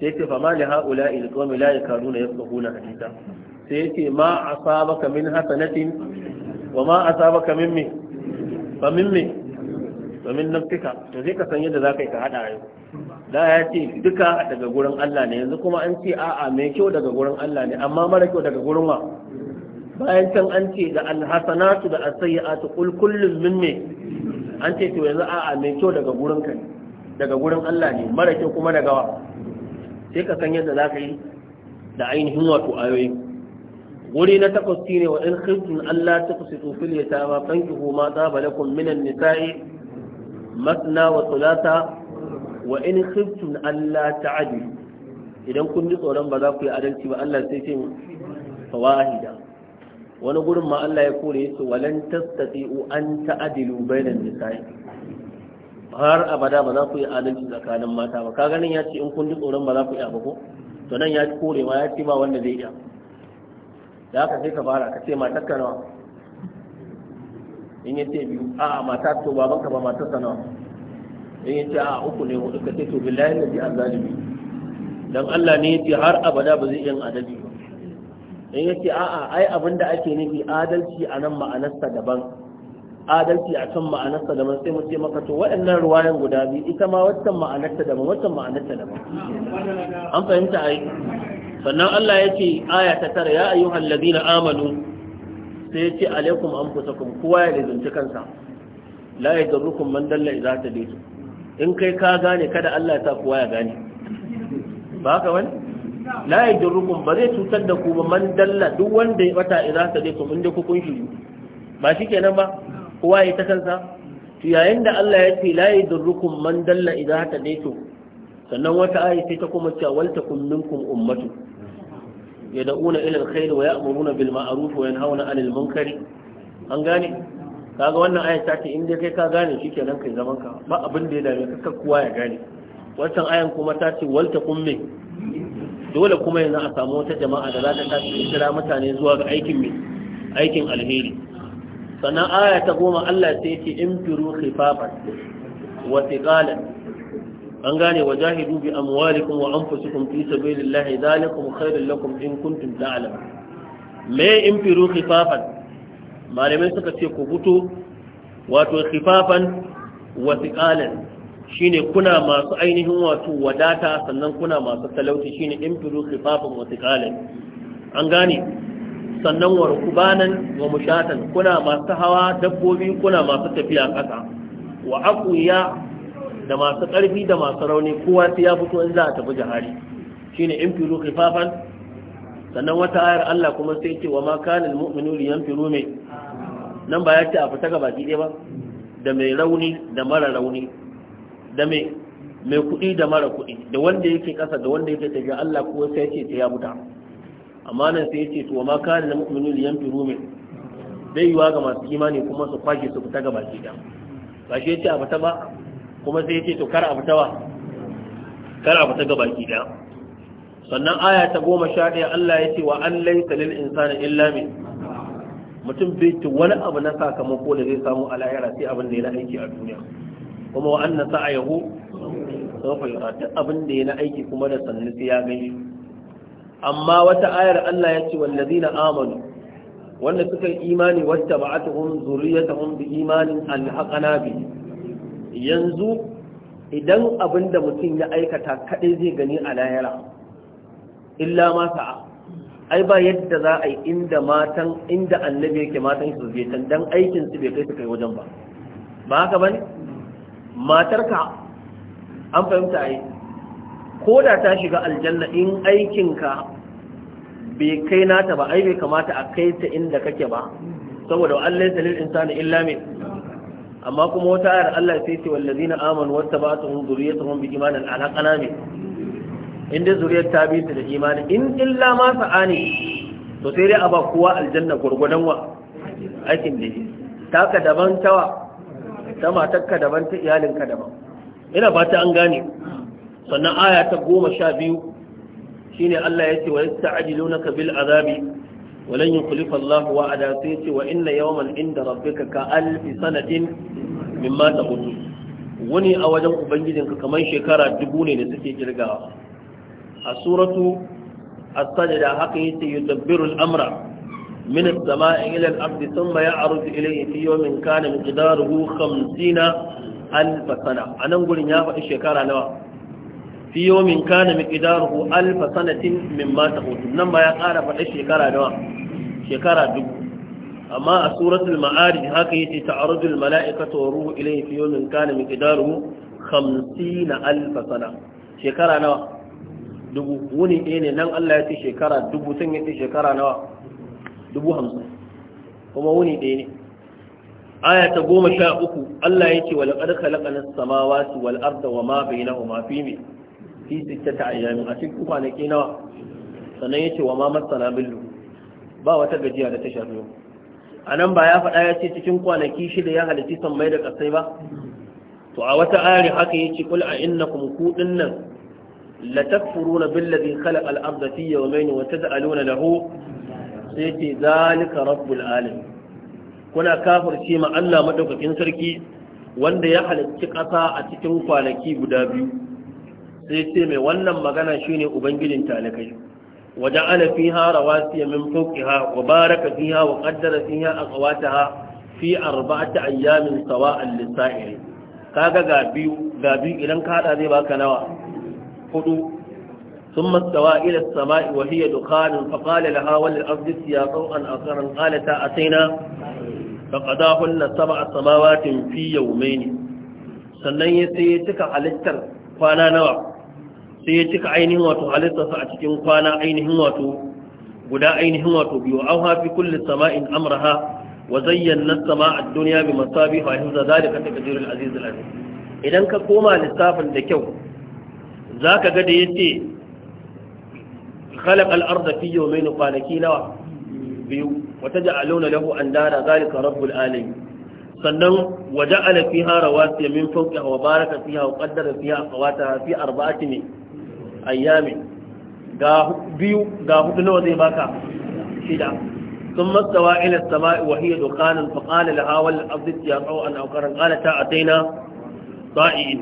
sai ce fama li haula il qawmi la yakaduna yafqahuna haditha sai ce ma asabaka min hasanatin wa ma asabaka min min fa min min fa min nafsika to sai ka san yadda zaka yi ka hada rayuwa da ya ce duka daga gurin Allah ne yanzu kuma an ce a'a mai kyau daga gurin Allah ne amma mara kyau daga gurin wa bayan can an ce da alhasanatu da asayyatu qul kullun min me an ce to yanzu a'a mai kyau daga gurin ka daga gurin Allah ne mara kyau kuma daga wa sai ka san yadda zaka yi da ainihin wato ayoyi guri na takwas ne wa in Allah ta kusitu fil yatama fankihu ma daba lakum minan nisa'i masna wa thulatha wa in khiftum la ta'dil idan kun ji tsoron ba za ku yi adalci ba Allah sai ce fawahida wani gurin ma Allah ya kore su walan tastati'u an ta'dilu bainan nisa'i har abada ba za ku yi adalci tsakanin mata ba Kaga nan ya ce in kun ji tsoron ba za ku yi abu ko to nan ya kore ma ya ce ba wanda zai iya da haka sai ka fara ka ce matar ka nawa in ya ce biyu a mata to baban ka ba matar ka nawa in ya ce a uku ne hudu ka ce to billahi na ji azalimi Don Allah ne ya ce har abada ba zai yin adalci ba in ya ce a'a ai abin da ake nufi adalci a nan ma'anarsa daban adalci a can ma'anarsa daban sai mu ce maka to waɗannan ruwayan guda biyu ita ma waccan ma'anarta daban waccan ma'anarta daban an fahimta ai sannan Allah ya ce aya ta tara ya ayyuhal ladina amanu sai ya ce alaikum anfusakum kowa ya lazunci kansa la yadurrukum man dalla idza tadaytum in kai ka gane kada Allah ya sa kowa ya gane ba ka wani la yajrukum ba zai cutar da ku ba man dalla duk wanda ya bata idan ta dai kuma inda ku kun shi ba shikenan ba kowa ya ta kansa to yayin da Allah ya ce la yajrukum man dalla idan ta dai to sannan wata ayi sai ta kuma cewa wal takum minkum ummatu yad'una ila alkhair wa ya'muruna bil ma'ruf wa yanhauna 'anil munkari an gane kaga wannan ayar ta ce inda kai ka gane shi kenan kai zaman ka ba abin da ya dame ka kar kowa ya gane wancan ayan kuma ta ce walta kummi dole kuma yanzu a samu wata jama'a da za ta tashi kira mutane zuwa ga aikin mai aikin alheri sannan aya ta goma Allah sai ce in firu khifafat wa thiqalan an gane wa jahidu bi amwalikum wa anfusikum fi sabilillahi dhalikum khairul lakum in kuntum ta'lamun me in firu khifafat malamai suka ce ku fito wato khifafan wa thiqalan shine kuna masu ainihin wato wadata sannan kuna masu talauci shine imfiru khifafan wa thiqalan an gane sannan wa rukubanan wa mushatan kuna masu hawa dabbobi kuna masu tafiya kasa wa akuya da masu ƙarfi da masu rauni kowa sai ya fito in za a tafi jihari shine imfiru khifafan sannan wata ayar Allah kuma sai ce wa ma mu'minu almu'minu liyanfiru mai nan ba ya ce a fita ga baki ɗaya ba da mai rauni da mara rauni da mai mai kuɗi da mara kuɗi da wanda yake ƙasa da wanda yake tafiya Allah kuwa sai ce ta ya buta amma nan sai ce wa ma kana mu'minu liyan firu min bai yiwa ga masu imani kuma su kwashe su fita ga baki ɗaya. ba shi yace a fita ba kuma sai yace to kar a fita ba kar a fita ga baki ɗaya. sannan aya ta goma sha ɗaya Allah ya ce wa an laisa lil insani illa min mutum bai ci wani abu na sakamako da zai samu a lahira sai abin da ya na aiki a duniya kuma wa anna sa'ayahu sawfa yura duk abin da ya na aiki kuma da sannu sai ya gani amma wata ayar Allah ya ce wallazina amanu wanda suka yi imani wacce ba a ba'atuhum zurriyatuhum bi imanin alhaqana bi yanzu idan abin da mutum ya aikata kadai zai gani a lahira illa ma sa'a ai ba yadda za a yi inda matan inda annabi yake matan su je can dan aikin su bai kai su kai wajen ba ba haka ne? matarka an fahimta ai ko da ta shiga aljanna in aikinka bai kai nata ba ai bai kamata a kai ta inda kake ba saboda Allah ya insani illa min amma kuma wata ayar Allah ya sai ce wallazina amanu wattaba'tuhum dhurriyyatuhum bi imanin alhaqana min in dai zuriyar ta bi su da imani in illa ma sa'ani to sai dai a ba kowa aljanna gurgudan wa aikin da yi ka daban tawa ta ka daban ta iyalinka daban ina ba ta an gane sannan aya ta goma sha biyu shine Allah ya ce wa yasta'jilunaka bil azabi ولن يخلف الله وعدا سيتي وإن يوما عند ربك كألف سنة مما تقول وني أوجن shekara dubu شكرا da نسكي جرقاها a suratu a as da haka yi yudabbiru al-amra min as-sama'i ila al-ardi thumma ya'rudu ilayhi fi yawmin kana miqdaruhu hamsina alf sana nan gudun ya faɗi shekara nawa fi yawmin kana miqdaruhu alf sanatin mimma tahut nan ba ya ƙara faɗi shekara nawa shekara dubu amma a suratul ma'arij haka yace ta'arudul mala'ikatu wa ruhu ilayhi fi yawmin kana miqdaruhu 50 alf sana shekara nawa dubu wuni ɗaya ne nan Allah ya ce shekara dubu sun ya shekara nawa dubu hamsin kuma wuni ɗaya ne aya ta goma sha uku Allah ya ce wa laƙar kalaƙanin samawati wal arda wa ma bai na ma fi me fi sitta ta ayyamin a cikin kwanaki nawa sannan ya ce wa ma masana billu ba wata gajiya da ta shafi yau a nan ba ya faɗa ya ce cikin kwanaki shida ya halitti mai da ƙasai ba to a wata ayar haka ya ce kul a innakum ku nan لتكفرون بالذي خلق الأرض في يومين وتجعلون له سيتي ذلك رب العالمين كنا كافر سيما ألا مدوك كنسركي وند يحل تقطع أتكن فالكي بدابي سيتي مي ونم مغانا شيني أبنجل تالكي وجعل فيها رواسي من فوقها وبارك فيها وقدر فيها أقواتها في أربعة أيام سواء للسائل كاغا غابيو غابيو إلان كادا زي باكا نوا hudu ثم استوى إلى السماء وهي دخان فقال لها وللأرض يا طوعا أخرا قالتا أتينا فقضاهن سبع سماوات في يومين sannan ya sai ya cika halittar kwana nawa sai ya cika ainihin wato halittarsa a cikin kwana ainihin wato guda ainihin wato biyu an hafi kullum sama'in amraha wa zayyana sama'ar duniya bi masabi fa hifza zalika takdirul aziz al idan ka koma lissafin da kyau za ka ga da ya ce khalaq al-ardha fi yawmayn kwanaki nawa biyu wata ja'aluna lahu andara zalika rabbul alamin sannan waja'ala fiha rawasiya min fawqiha wa baraka fiha ƙaddara qaddara fiha qawataha fi arba'ati ayyamin ga biyu ga hudu nawa zai baka shida ثم استوى إلى السماء وهي دخان فقال لها والأرض يا طوعا أو كرا قالتا أتينا طائعين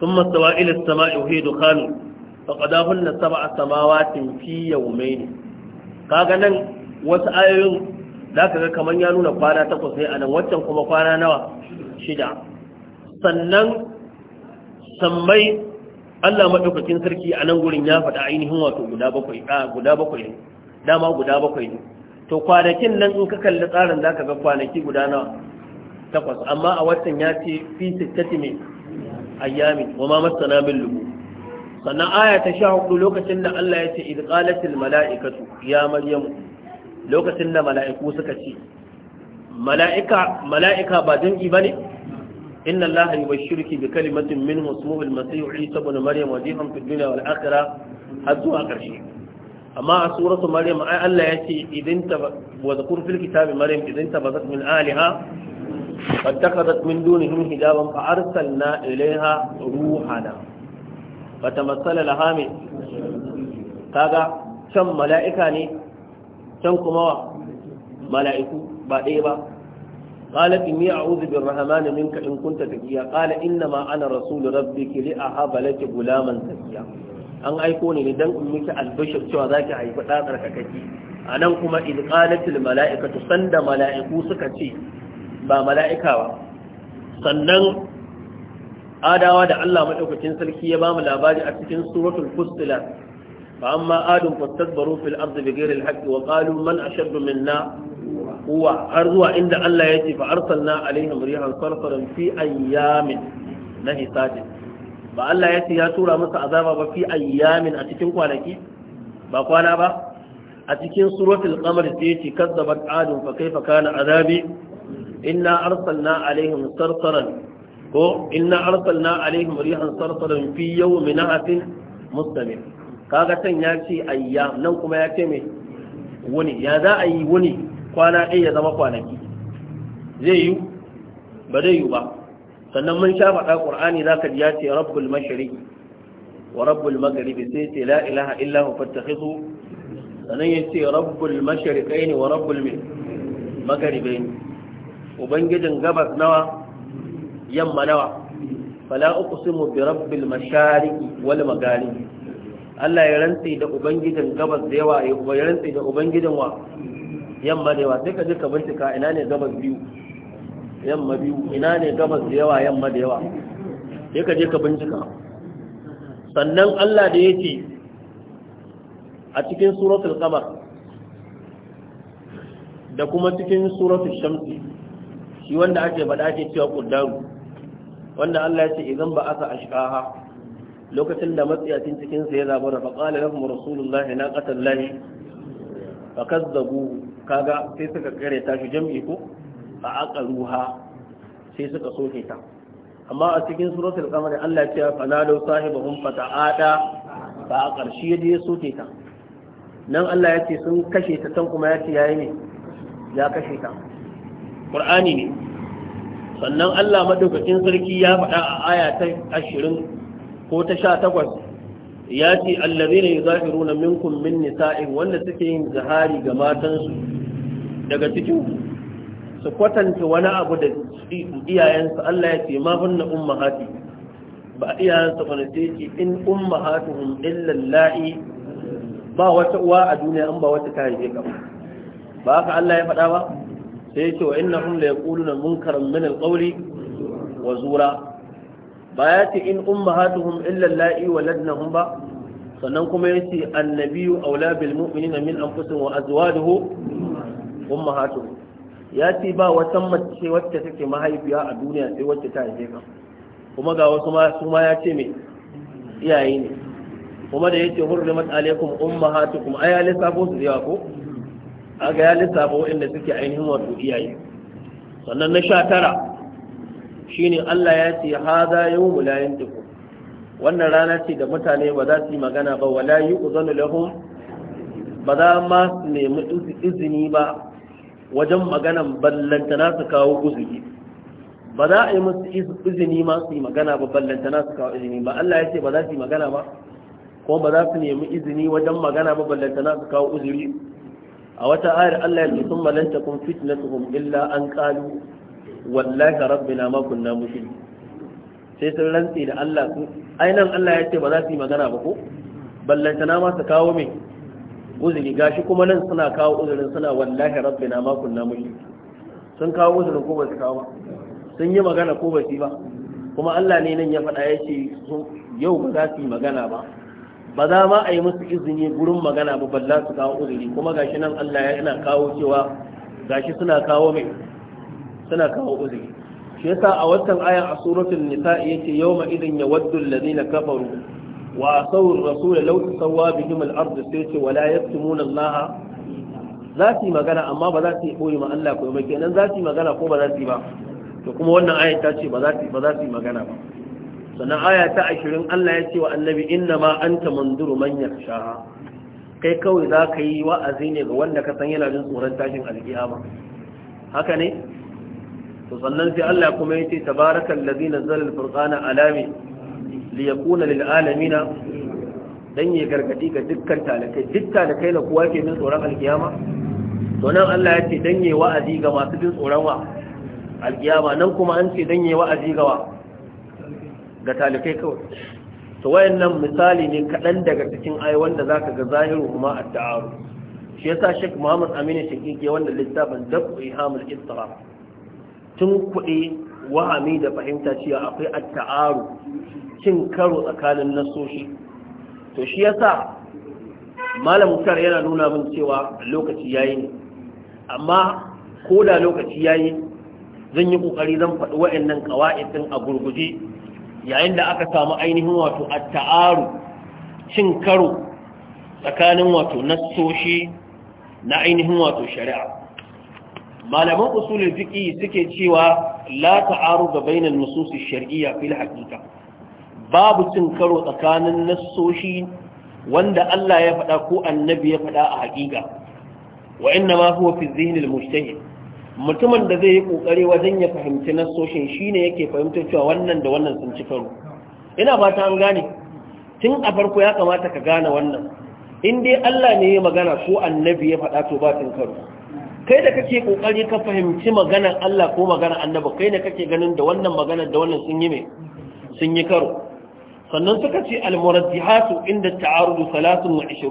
ثم استوى إلى السماء وهي دخان فقداهن سبع سماوات في يومين kaga nan wasu ayoyin da ka ga kamar ya nuna kwana takwas ne a nan waccan kuma kwana nawa shida sannan sammai Allah maɗaukakin sarki a nan gurin ya faɗa ainihin wato guda bakwai a guda bakwai ne dama guda bakwai ne to kwanakin nan in ka kalli tsarin za kwanaki guda takwas amma a watan ya ce fi sittati ne ayyamin wa ma masana min lubu sannan aya ta sha hudu lokacin da Allah ya ce idh qalatil mala'ikatu ya maryam lokacin da mala'iku suka ce mala'ika mala'ika ba dangi bane inna Allah yubashshiruki bi kalimatin minhu ismuhu al-masih isa ibn maryam wajihan fid dunya wal akhirah har zuwa karshe amma a suratu maryam ai Allah ya ce idin ta wa zakur fil kitabi maryam idin ta bazat min aliha فاتخذت من دونهم حجابا فأرسلنا إليها روحنا فتمثل لها من كاغا كم ملائكة ني كم كما ملائكة بعديبا قالت إني أعوذ بالرحمن منك إن كنت تقيا قال إنما أنا رسول ربك لأهب لك غلاما زكيا an aiko ne ne dan in miki albashir cewa zaki haifi ɗa tsarkakaki a nan kuma idqalatul mala'ikatu sanda mala'iku suka ce ba mala'ika ba sannan adawa da Allah madaukakin sarki ya ba mu labari a cikin suratul fussilat Ba amma adun fastakbaru fil ardi bighairi alhaqqi wa qalu man ashaddu minna quwwa har zuwa inda Allah ya ce fa arsalna alaihim rihan sarsaran fi ayyamin nahisatin ba Allah ya ce ya tura musu azaba ba fi ayyamin a cikin kwanaki ba kwana ba a cikin suratul qamar sai ya ce kazzabat adun fa kaifa kana azabi inna arsalna alaihim sarsaran ko inna arsalna alaihim rihan sarsaran fi yawmin atin mustamir kaga can ya ce ayyam nan kuma ya ce me wuni ya za a yi wani kwana ɗaya ya zama kwanaki zai yi ba zai yi ba sannan mun sha faɗa ƙur'ani za ka ji ya ce rabbul mashriqi wa rabbul maghribi sai ce la ilaha illa hu fattakhidhu sannan ya ce rabbul mashriqaini wa rabbul maghribaini ubangijin gabas nawa yamma nawa fala uqsimu bi rabbil mashariqi wal magharibi Allah ya rantsi da ubangijin gabas da yawa ya rantsi da ubangijin wa yamma da yawa sai ka je ka bincika ina ne gabas biyu yamma biyu ina ne gabas da yawa yamma da yawa sai ka je ka bincika sannan Allah da yake a cikin suratul qamar da kuma cikin suratul shamsi shi wanda ake faɗa ake cewa ƙudaru, wanda Allah ya ce idan ba aka ashqaha lokacin da matsiyacin cikin sa ya zaba da faqala lahum rasulullahi na qatallahi fakazzabu kaga sai suka kare ta shi jami'i ko a aqaruha sai suka soke ta amma a cikin suratul qamar Allah ya ce fa nadu sahibahum fata'ada ba a ƙarshe ya soke ta nan Allah ya ce sun kashe ta tan kuma ya ce yayi ne ya kashe ta ƙur'ani ne sannan Allah madaukakin sarki ya faɗa a aya ta ashirin ko ta sha takwas ya ce allazi ne zahiru na minkum min nisa'in wanda suke yin zahari ga matansu daga cikin su kwatanta wani abu da iyayensu Allah ya ce ma hunna ummahati ba iyayensu ba ne sai ce in ummahatuhum illa la'i ba wata uwa a duniya an ba wata ta haife ka ba haka Allah ya faɗa ba sai yake wa innahum la yaquluna munkaran min alqawli wa zura ba ya ce in ummahatuhum illa allati waladnahum ba sannan kuma ya yace annabiyyu aula bil mu'minina min anfusihim wa azwajuhu ummahatuhum ya ce ba wata mace wacce take mahaifiya a duniya sai wacce ta haife ka kuma ga wasu ma su ma ya ce me iyaye ne kuma da ya yace hurrimat alaikum ummahatukum ay alisa ko su yawa ko aga ya lissafa waɗanda suke ainihin wato iyaye sannan na sha tara shine Allah ya ce hada mu la tuku wannan rana ce da mutane ba za su yi magana ba wala uzanu lahum ba za ma su nemi izini ba wajen maganan ballantana su kawo uzuri ba za a yi musu izini ma su yi magana ba ballantana su kawo izini ba Allah ya ce ba za su yi magana ba Ko ba za su nemi izini wajen magana ba ballantana su kawo uzuri a wata ayar Allah ya ce sun malanta kun fitnatuhum illa an qalu wallahi rabbina ma kunna mushrik sai sun rantsi da Allah su nan Allah ya ce ba za su yi magana ba ko na ma su kawo mai uzuri gashi kuma nan suna kawo uzurin suna wallahi rabbina ma kunna mushrik sun kawo uzurin ko ba su kawo ba sun yi magana ko ba su ba kuma Allah ne nan ya faɗa ya ce yau ba za su yi magana ba ba za ma a yi musu izini gurin magana ba balla su kawo uzuri kuma gashi nan Allah ya yana kawo cewa gashi suna kawo mai suna kawo uzuri shi yasa a watan ayan a suratul nisa yace yawma idin yawaddu alladhina kafaru wa asaw ar-rasul law tasawwa bihim al-ard sayce wala yaktumuna Allah za su yi magana amma ba za su yi boye ma Allah ko ba kenan za su yi magana ko ba za su yi ba to kuma wannan ayat ta ce ba za su ba za su yi magana ba sannan aya ta ashirin Allah ya ce wa annabi inna ma an ta munzuru manyan yakhsha kai kawai za ka yi wa'azi ne ga wanda ka san yana jin tsoron tashin alƙiyama, haka ne to sannan sai Allah kuma ya ce tabarakal ladzi nazzala al-furqana ala min li yakuna lil alamin dan ya gargadi ga dukkan talakai duk talakai na kowa ke jin tsoron alƙiyama? to nan Allah ya ce dan ya wa'azi ga masu jin tsoron wa alkiyama nan kuma an ce dan ya wa'azi ga wa ga talikai kawai to wayannan misali ne kaɗan daga cikin ai wanda za ka ga zahiru kuma a shi ya sa shek muhammad aminu shakiki wanda littafin dabu ihamul istara tun kuɗi wahami da fahimta cewa akwai a ta'aru cin karo tsakanin nasoshi to shi ya sa malam mutar yana nuna min cewa lokaci yayi ne amma ko da lokaci yayi zan yi ƙoƙari zan faɗi wa'annan kawa'idin a gurguje yayin da aka samu ainihin wato ta'aru cin karo tsakanin wato nassoshi na ainihin wato shari'a malaman usulul fiqi suke cewa la ta'aru ga nusus ash-shar'iyya fil hakika. babu cin karo tsakanin nassoshi wanda Allah ya faɗa ko annabi ya faɗa a hakika. wa inna ma huwa fi dhihnil mujtahid mutumin da zai yi kokari wajen ya fahimci nasoshin shine yake fahimtar cewa wannan da wannan sun ci karo ina ta an gane tun a farko ya kamata ka gane wannan in dai Allah ne ya magana ko annabi ya faɗa to ba tun karo kai da kake kokari ka fahimci maganar Allah ko maganar annabi kai ne kake ganin da wannan maganar da wannan sun yi me sun yi karo sannan suka ce al-muraddihat inda ta'arudu 23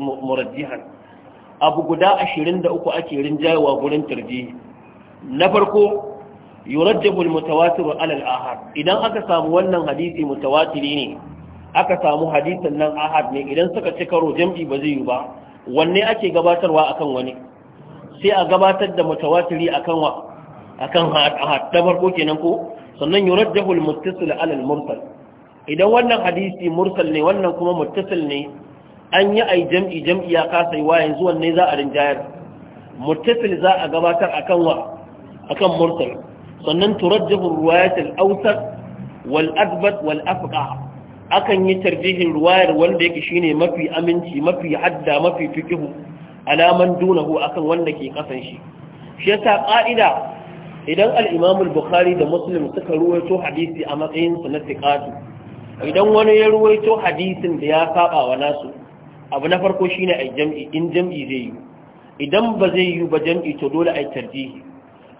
muraddihan abu guda ashirin da uku ake rinjayewa gurin tarjihi na farko yurajjabu almutawatir ala al-ahad idan aka samu wannan hadisi mutawatiri ne aka samu hadisin nan ahad ne idan suka ci karo jam'i ba zai yi ba wanne ake gabatarwa akan wani sai a gabatar da mutawatiri akan wa akan ahad da farko kenan ko sannan yurajjahu almuttasil ala al-mursal idan wannan hadisi mursal ne wannan kuma muttasil ne an yi ai jam'i jam'i ya kasa wa yanzu ne za a rinjayar muttasil za a gabatar akan wa akan mursal sannan turajjihu riwayat Autar, awsat wal akan yi tarjihin ruwayar wanda yake shine mafi aminci mafi hadda mafi fikihu alaman dunahu akan wanda ke kasan shi shi yasa ka'ida idan alimamul bukhari da muslim suka ruwaito hadisi a matsayin su na thiqatu idan wani ya ruwaito hadisin da ya saba wa nasu abu na farko shine ai jam'i in jam'i zai yi idan ba zai yi ba jam'i to dole ai tarjihi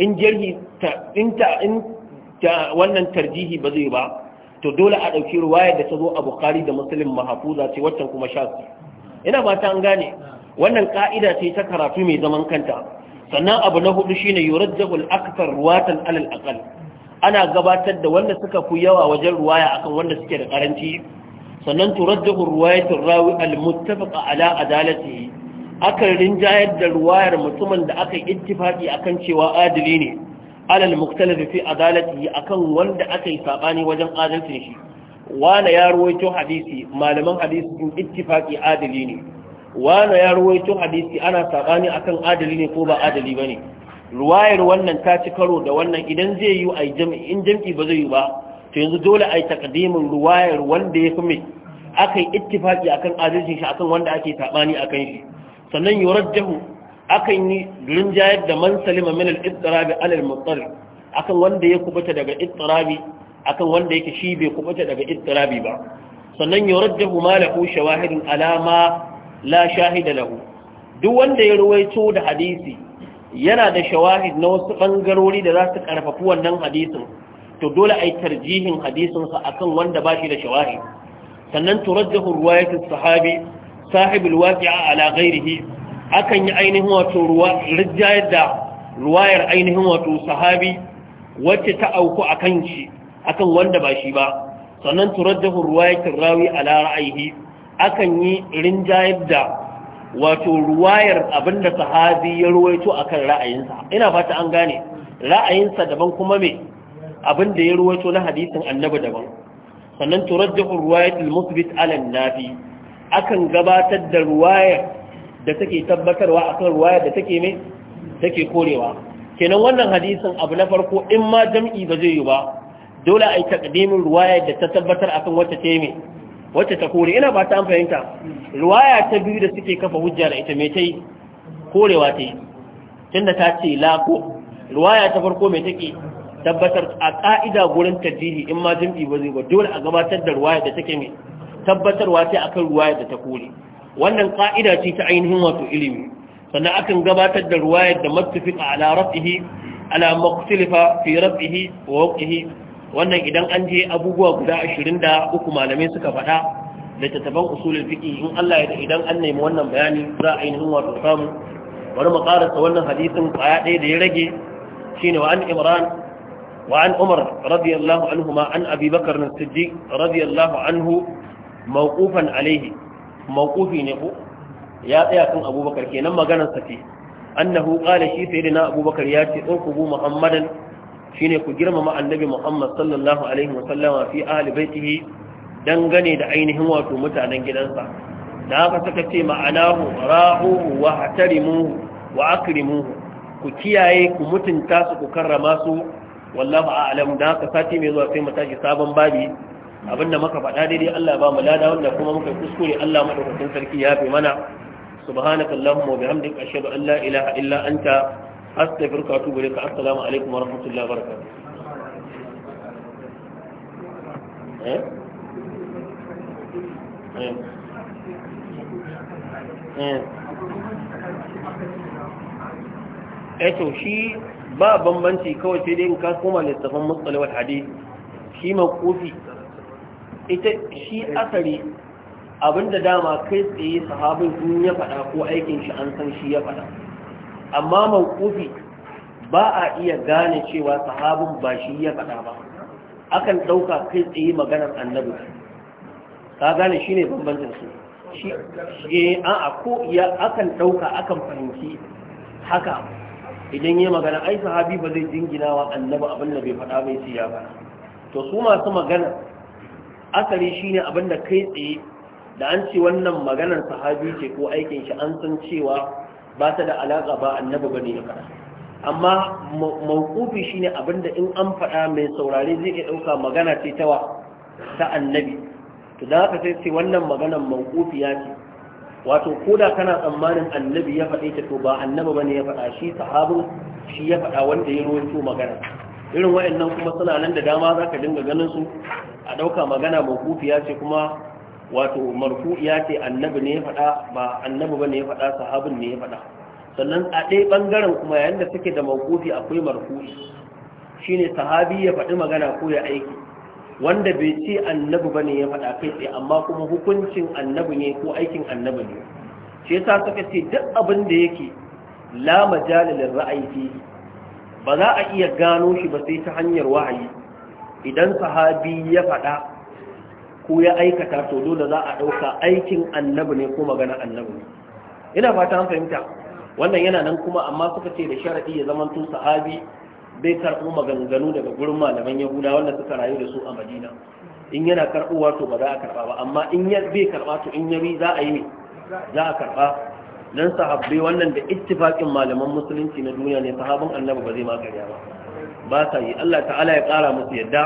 in jarhi ta wannan tarjihi ba zai ba to dole a ɗauki ruwaya da ta zo a bukhari da muslim mahfuza ce waccan kuma su. ina ba ta an gane wannan ƙa'ida ce ta karatu mai zaman kanta sannan abu na hudu shi ne shine yurajjahul akthar ruwatan alal aqal ana gabatar da wanda suka fi yawa wajen ruwaya akan wanda suke da karanci sannan turaddahu ruwayatul rawi al ala adalatihi akan rinjayar da ruwayar mutumin da aka yi ittifaqi akan cewa adili ne alal muktalif fi adalatihi akan wanda aka yi sabani wajen adalcin shi wala ya ruwaito hadisi malaman hadisi sun ittifaqi adili ne wala ya ruwaito hadisi ana sabani akan adili ne ko ba adili bane ruwayar wannan ta ci karo da wannan idan zai yi a jami'in, in jam'i ba zai yi ba to yanzu dole a yi takadimin ruwayar wanda ya fi mai aka yi ittifaki akan adalcin shi akan wanda ake a akan shi sannan yurajjahu akan yi rinjayar da man salima min al-ittirabi alal mutsari akan wanda ya kubuta daga ittirabi akan wanda yake shi bai kubuta daga ittirabi ba sannan yurajjahu ma lahu shawahidun alama la shahida lahu duk wanda ya ruwaito da hadisi yana da shawahid na wasu bangarori da za su karfafi wannan hadisin to dole a yi tarjihin hadisinsa akan wanda ba shi da shawari sannan turajjahu ruwayatul sahabi sahibul waqi'a ala ghairihi akan yi ainihin wato ruwa rijjayar da ruwayar ainihin wato sahabi wacce ta auku akan shi akan wanda ba shi ba sannan turajjahu ruwayatul rawi ala ra'ayihi akan yi rinjayar da wato ruwayar abinda sahabi ya ruwaito akan ra'ayinsa ina fata an gane ra'ayinsa daban kuma me abin da ya ruwato na hadisin annabi daban sannan turajjahu ruwayatul muthbit ala nabi akan gabatar da ruwayar da take tabbatarwa akan ruwayar da take mai take korewa kenan wannan hadisin abu na farko in ma jam'i ba zai yi ba dole a yi takdimin ruwaya da ta tabbatar akan wacce ta mai wacce ta kore ina ba ta an fahimta ruwaya ta biyu da suke kafa hujja da ita mai ta yi korewa ta yi tunda ta ce la ko. ruwaya ta farko mai take tabbatar a ƙa'ida gurin tarjihi in ma jam'i ba zai ba dole a gabatar da ruwaya da take mai tabbatarwa sai akan ruwaya da ta kore wannan ƙa'ida ce ta ainihin wato ilimi sannan akan gabatar da ruwaya da mattufiq a rafihi ala fi rafihi wa waqihi wannan idan an je abubuwa guda uku malamai suka faɗa da tattaban usulul in Allah ya idan an nemi wannan bayani za a ainihin wato samu bari mu karanta wannan hadisin kwaya ɗaya da ya rage shine wa an imran وعن عمر رضي الله عنهما عن أبي بكر الصديق رضي الله عنه موقوفا عليه موقوفي نقو يا أيكم أبو بكر كي نما قنا سفيه أنه قال شي سيدنا أبو بكر ياتي أركبوا محمدا شيني كجرم مع النبي محمد صلى الله عليه وسلم في أهل بيته dangane da ainihin wato mutanen gidansa da haka suka ce ma'anahu ra'uhu wa hatarimuhu wa akrimuhu ku kiyaye ku mutunta su ku karrama su wallahu a'lam da haka sati mai zuwa sai mu tashi sabon babi abinda muka faɗa daidai Allah ba mu lada wanda kuma muka kuskure Allah madaukakin sarki ya fi mana subhanakallahumma wa bihamdika ashhadu an la ilaha illa anta astaghfiruka wa atubu ilaik assalamu alaikum wa rahmatullahi wa barakatuh eh eh eh, eh to shi ba bambanci kawai sai dai in ka koma littafin wal hadith shi maqufi ita shi asari. abinda dama kai tsaye sahabin sun ya faɗa ko aikin shi an san shi ya faɗa amma maqufi ba a iya gane cewa sahabin ba shi ya faɗa ba akan ɗauka kai tsaye maganar annabi ka gane shi ne bambancin su shi eh, a ko iya akan ɗauka akan fahimci haka idan yi magana ai sahabi ba zai jingina wa annabi abin da bai faɗa mai siya ba to su masu magana asali shine abin da kai tsaye da an ce wannan maganar sahabi ce ko aikin shi an san cewa ba ta da alaƙa ba annabi bane ya faɗa amma mawqufi shine abin da in an faɗa mai saurare zai iya ɗauka magana ce ta ta annabi to da haka sai ce wannan maganar mawqufiya ce wato ko da kana tsammanin annabi ya faɗe ta to ba annabi bane ya faɗa shi sahabin shi ya faɗa wanda ya rawaito magana irin wayannan kuma suna nan da dama zaka dinga ganin su a dauka magana ya ce kuma wato ya ce annabi ne ya faɗa ba annabi bane ya faɗa sahabin ne ya faɗa sannan a ɗaya bangaren kuma yayin da suke da mawqufi akwai marfu'i shine sahabi ya faɗi magana ko ya aiki wanda bai ce annabi bane ya faɗa kai tsaye amma kuma hukuncin annabi ne ko aikin annabi ne shi sa suka ce duk abin da yake la majalilin ra'ayi ba za a iya gano shi ba sai ta hanyar wahayi idan sahabi ya faɗa ko ya aikata to dole za a ɗauka aikin annabi ne ko magana annabi ne ina fata an fahimta wannan yana nan kuma amma suka ce da sharadi ya zama tun sahabi bai karɓo maganganu daga gurin malaman yahuda wanda suka rayu da su a madina in yana karɓowa to ba za a karɓa ba amma in ya bai karɓa to in yabi za a yi za a karɓa dan sahabbai wannan da ittifaqin malaman musulunci na duniya ne sahabban annabi ba zai magariya ba ba sa yi Allah ta'ala ya ƙara musu yadda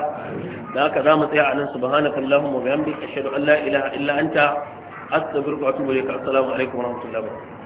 da haka za mu tsaya a nan subhanakallahumma wa bihamdika ashhadu an la ilaha illa anta astaghfiruka wa atubu ilaik assalamu alaikum wa rahmatullahi wa barakatuh